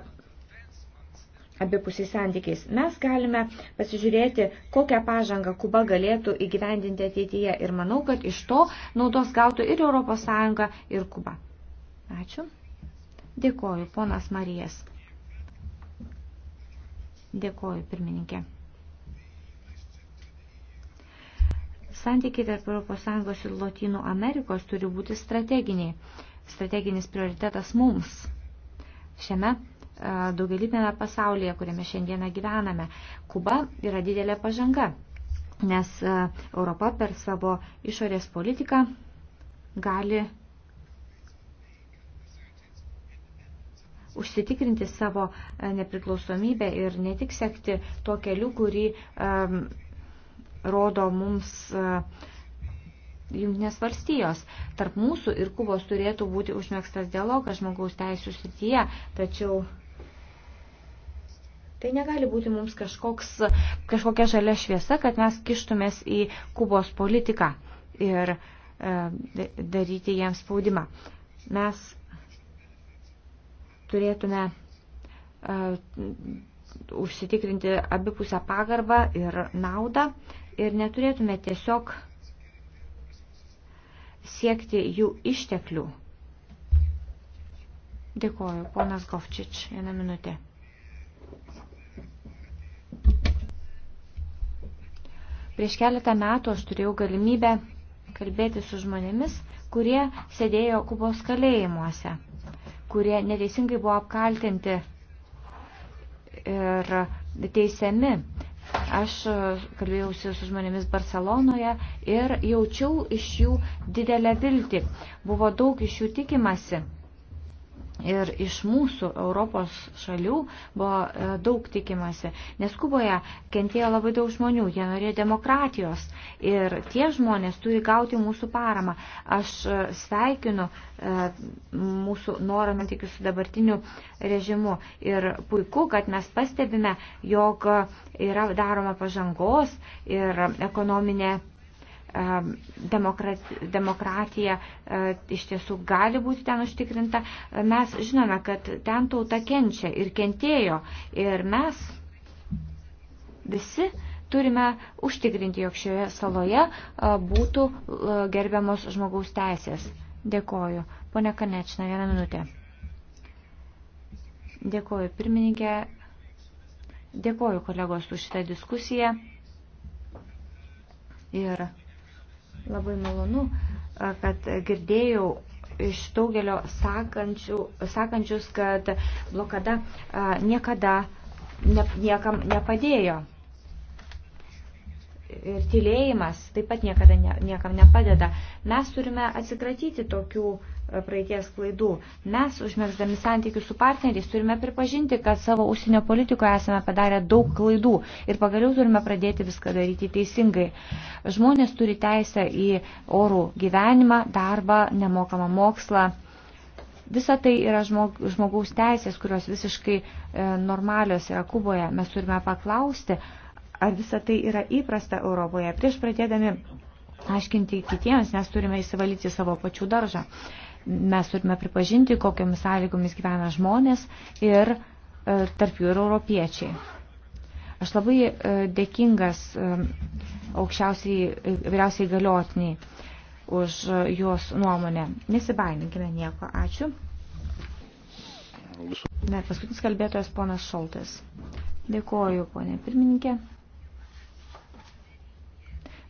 abipusiais santykiais. Mes galime pasižiūrėti, kokią pažangą Kuba galėtų įgyvendinti ateityje ir manau, kad iš to naudos gautų ir ES, ir Kuba. Ačiū. Dėkoju, ponas Marijas. Dėkoju, pirmininkė. Santykiai tarp ES ir Lotynų Amerikos turi būti strateginiai. Strateginis prioritetas mums. Šiame daugelybėme pasaulyje, kuriame šiandieną gyvename, Kuba yra didelė pažanga, nes Europa per savo išorės politiką gali užsitikrinti savo e, nepriklausomybę ir ne tik sekti tuo keliu, kurį um, rodo mums uh, Junktinės valstijos. Tarp mūsų ir Kubos turėtų būti užmėgstas dialogas žmogaus teisų srityje, tačiau tai negali būti mums kažkoks, kažkokia žalia šviesa, kad mes kištumės į Kubos politiką ir e, daryti jiems spaudimą. Mes turėtume e, užsitikrinti abipusę pagarbą ir naudą ir neturėtume tiesiog siekti jų išteklių. Dėkoju, ponas Govčič, vieną minutę. Prieš keletą metų aš turėjau galimybę kalbėti su žmonėmis, kurie sėdėjo Kubos kalėjimuose kurie neteisingai buvo apkaltinti ir teisiami. Aš kalbėjausi su žmonėmis Barcelonoje ir jaučiau iš jų didelę viltį. Buvo daug iš jų tikimasi. Ir iš mūsų Europos šalių buvo e, daug tikimasi, nes Kuboje kentėjo labai daug žmonių, jie norėjo demokratijos ir tie žmonės turi gauti mūsų paramą. Aš e, sveikinu e, mūsų norą santykių su dabartiniu režimu ir puiku, kad mes pastebime, jog yra daroma pažangos ir ekonominė demokratija e, iš tiesų gali būti ten užtikrinta. Mes žinome, kad ten tauta kenčia ir kentėjo. Ir mes visi turime užtikrinti, jog šioje saloje e, būtų e, gerbiamos žmogaus teisės. Dėkoju. Pone Kanečna, vieną minutę. Dėkoju pirmininkė. Dėkoju kolegos už šitą diskusiją. Ir Labai malonu, kad girdėjau iš daugelio sakančių, sakančius, kad blokada niekada ne, niekam nepadėjo ir tylėjimas taip pat niekada ne, niekam nepadeda. Mes turime atsikratyti tokių e, praeities klaidų. Mes, užmėgsdami santykius su partneriais, turime pripažinti, kad savo užsienio politikoje esame padarę daug klaidų ir pagaliau turime pradėti viską daryti teisingai. Žmonės turi teisę į orų gyvenimą, darbą, nemokamą mokslą. Visa tai yra žmog, žmogaus teisės, kurios visiškai e, normalios yra Kuboje. Mes turime paklausti, Ar visa tai yra įprasta Europoje? Prieš pradėdami aiškinti kitiems, mes turime įsivalyti savo pačių daržą. Mes turime pripažinti, kokiamis sąlygomis gyvena žmonės ir e, tarp jų ir europiečiai. Aš labai e, dėkingas e, aukščiausiai vyriausiai galiotiniai už jos nuomonę. Nesibaiminkime nieko. Ačiū. Na ir paskutinis kalbėtojas ponas Šoltas. Dėkuoju, ponė pirmininkė.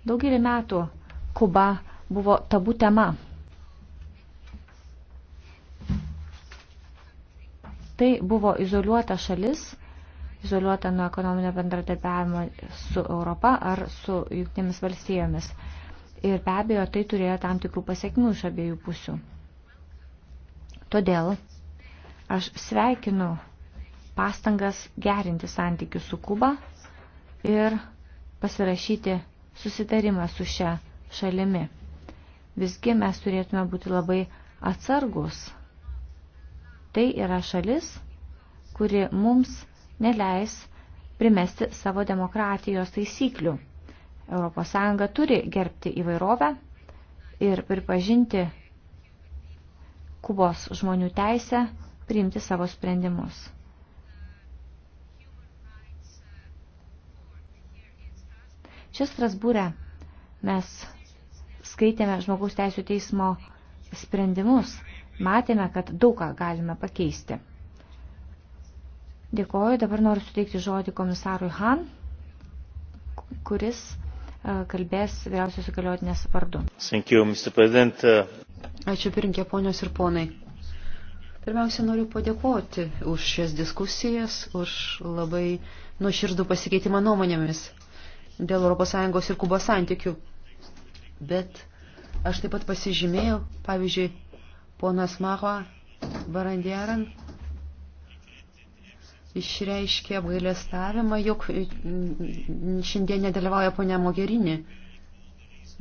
Daugelį metų Kuba buvo tabu tema. Tai buvo izoliuota šalis, izoliuota nuo ekonominio bendradarbiavimo su Europa ar su jungtinėmis valstijomis. Ir be abejo, tai turėjo tam tikrų pasiekmių iš abiejų pusių. Todėl aš sveikinu pastangas gerinti santykius su Kuba ir pasirašyti susitarimą su šia šalimi. Visgi mes turėtume būti labai atsargus. Tai yra šalis, kuri mums neleis primesti savo demokratijos taisyklių. ES turi gerbti įvairovę ir pripažinti Kubos žmonių teisę priimti savo sprendimus. Čia Strasbūre mes skaitėme žmogaus teisų teismo sprendimus, matėme, kad daug ką galime pakeisti. Dėkoju, dabar noriu suteikti žodį komisarui Han, kuris e, kalbės vyriausios įgaliotinės vardu. Thank you, Mr. President. Ačiū pirinkė ponios ir ponai. Pirmiausia, noriu padėkoti už šias diskusijas, už labai nuoširdų pasikeitimą nuomonėmis dėl ES ir Kubos santykių. Bet aš taip pat pasižymėjau, pavyzdžiui, ponas Maho Barandieran išreiškė apgailestavimą, jog šiandien nedalyvauja ponia Mogherini.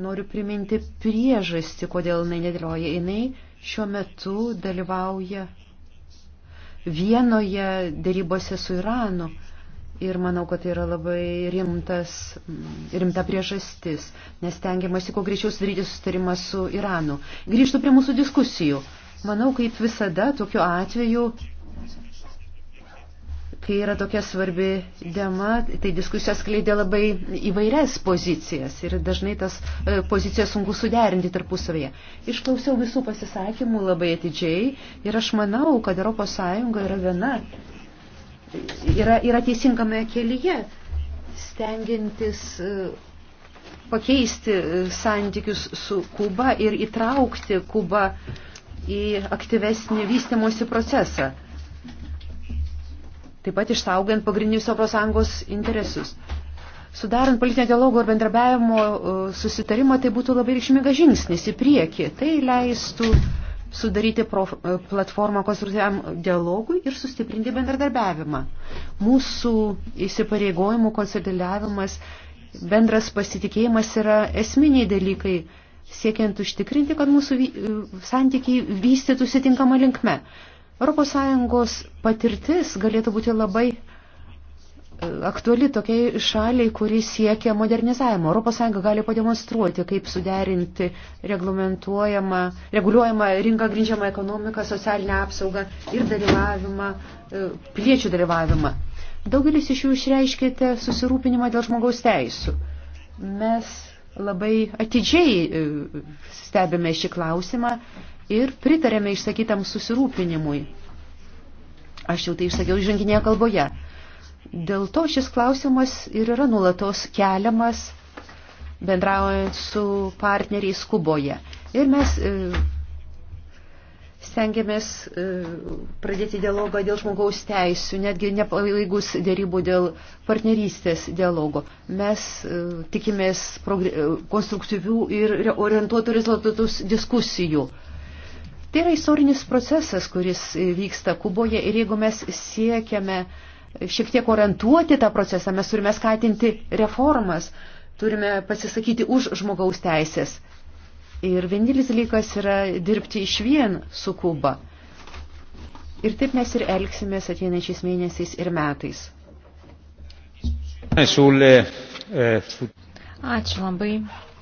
Noriu priminti priežastį, kodėl jinai nedalyvauja. Jinai šiuo metu dalyvauja vienoje dėrybose su Iranu. Ir manau, kad tai yra labai rimtas, rimta priežastis, nes tengiamasi kuo greičiau sudaryti sustarimą su Iranu. Grįžtu prie mūsų diskusijų. Manau, kaip visada, tokiu atveju, kai yra tokia svarbi tema, tai diskusijos skleidė labai įvairias pozicijas ir dažnai tas e, pozicijas sunku suderinti tarpusavėje. Išklausiau visų pasisakymų labai atidžiai ir aš manau, kad ES yra viena yra, yra teisingame kelyje, stengiantis e, pakeisti e, santykius su Kuba ir įtraukti Kubą į aktyvesnį vystimosi procesą. Taip pat išsaugant pagrindinius Europos Sąjungos interesus. Sudarant politinio dialogo ir bendrabiavimo e, susitarimą, tai būtų labai reikšmingas žingsnis į priekį. Tai leistų uh, sudaryti prof, e, platformą konstruktyviam dialogui ir sustiprinti bendradarbiavimą. Mūsų įsipareigojimų konsolidavimas, bendras pasitikėjimas yra esminiai dalykai, siekiant užtikrinti, kad mūsų vy, e, santykiai vystytųsi tinkama linkme. ES patirtis galėtų būti labai aktuali tokiai šaliai, kuri siekia modernizavimo. ES gali pademonstruoti, kaip suderinti reguliuojamą rinką grindžiamą ekonomiką, socialinę apsaugą ir dalyvavimą, e, piliečių dalyvavimą. Daugelis iš jų išreiškite susirūpinimą dėl žmogaus teisų. Mes labai atidžiai e, stebime šį klausimą ir pritarėme išsakytam susirūpinimui. Aš jau tai išsakiau žanginėje kalboje. Dėl to šis klausimas ir yra nulatos keliamas bendraujant su partneriais Kuboje. Ir mes e, stengiamės e, pradėti dialogą dėl žmogaus teisų, netgi nepalaigus dėrybų dėl partnerystės dialogo. Mes e, tikimės konstruktyvių ir orientuotų rezultatus diskusijų. Tai yra istorinis procesas, kuris vyksta Kuboje ir jeigu mes siekiame uh, šiek tiek orientuoti tą procesą, mes turime skatinti reformas, turime pasisakyti už žmogaus teisės. Ir vienintelis dalykas yra dirbti iš vien su Kuba. Ir taip mes ir elgsimės ateinančiais mėnesiais ir metais. Eh, Ačiū labai.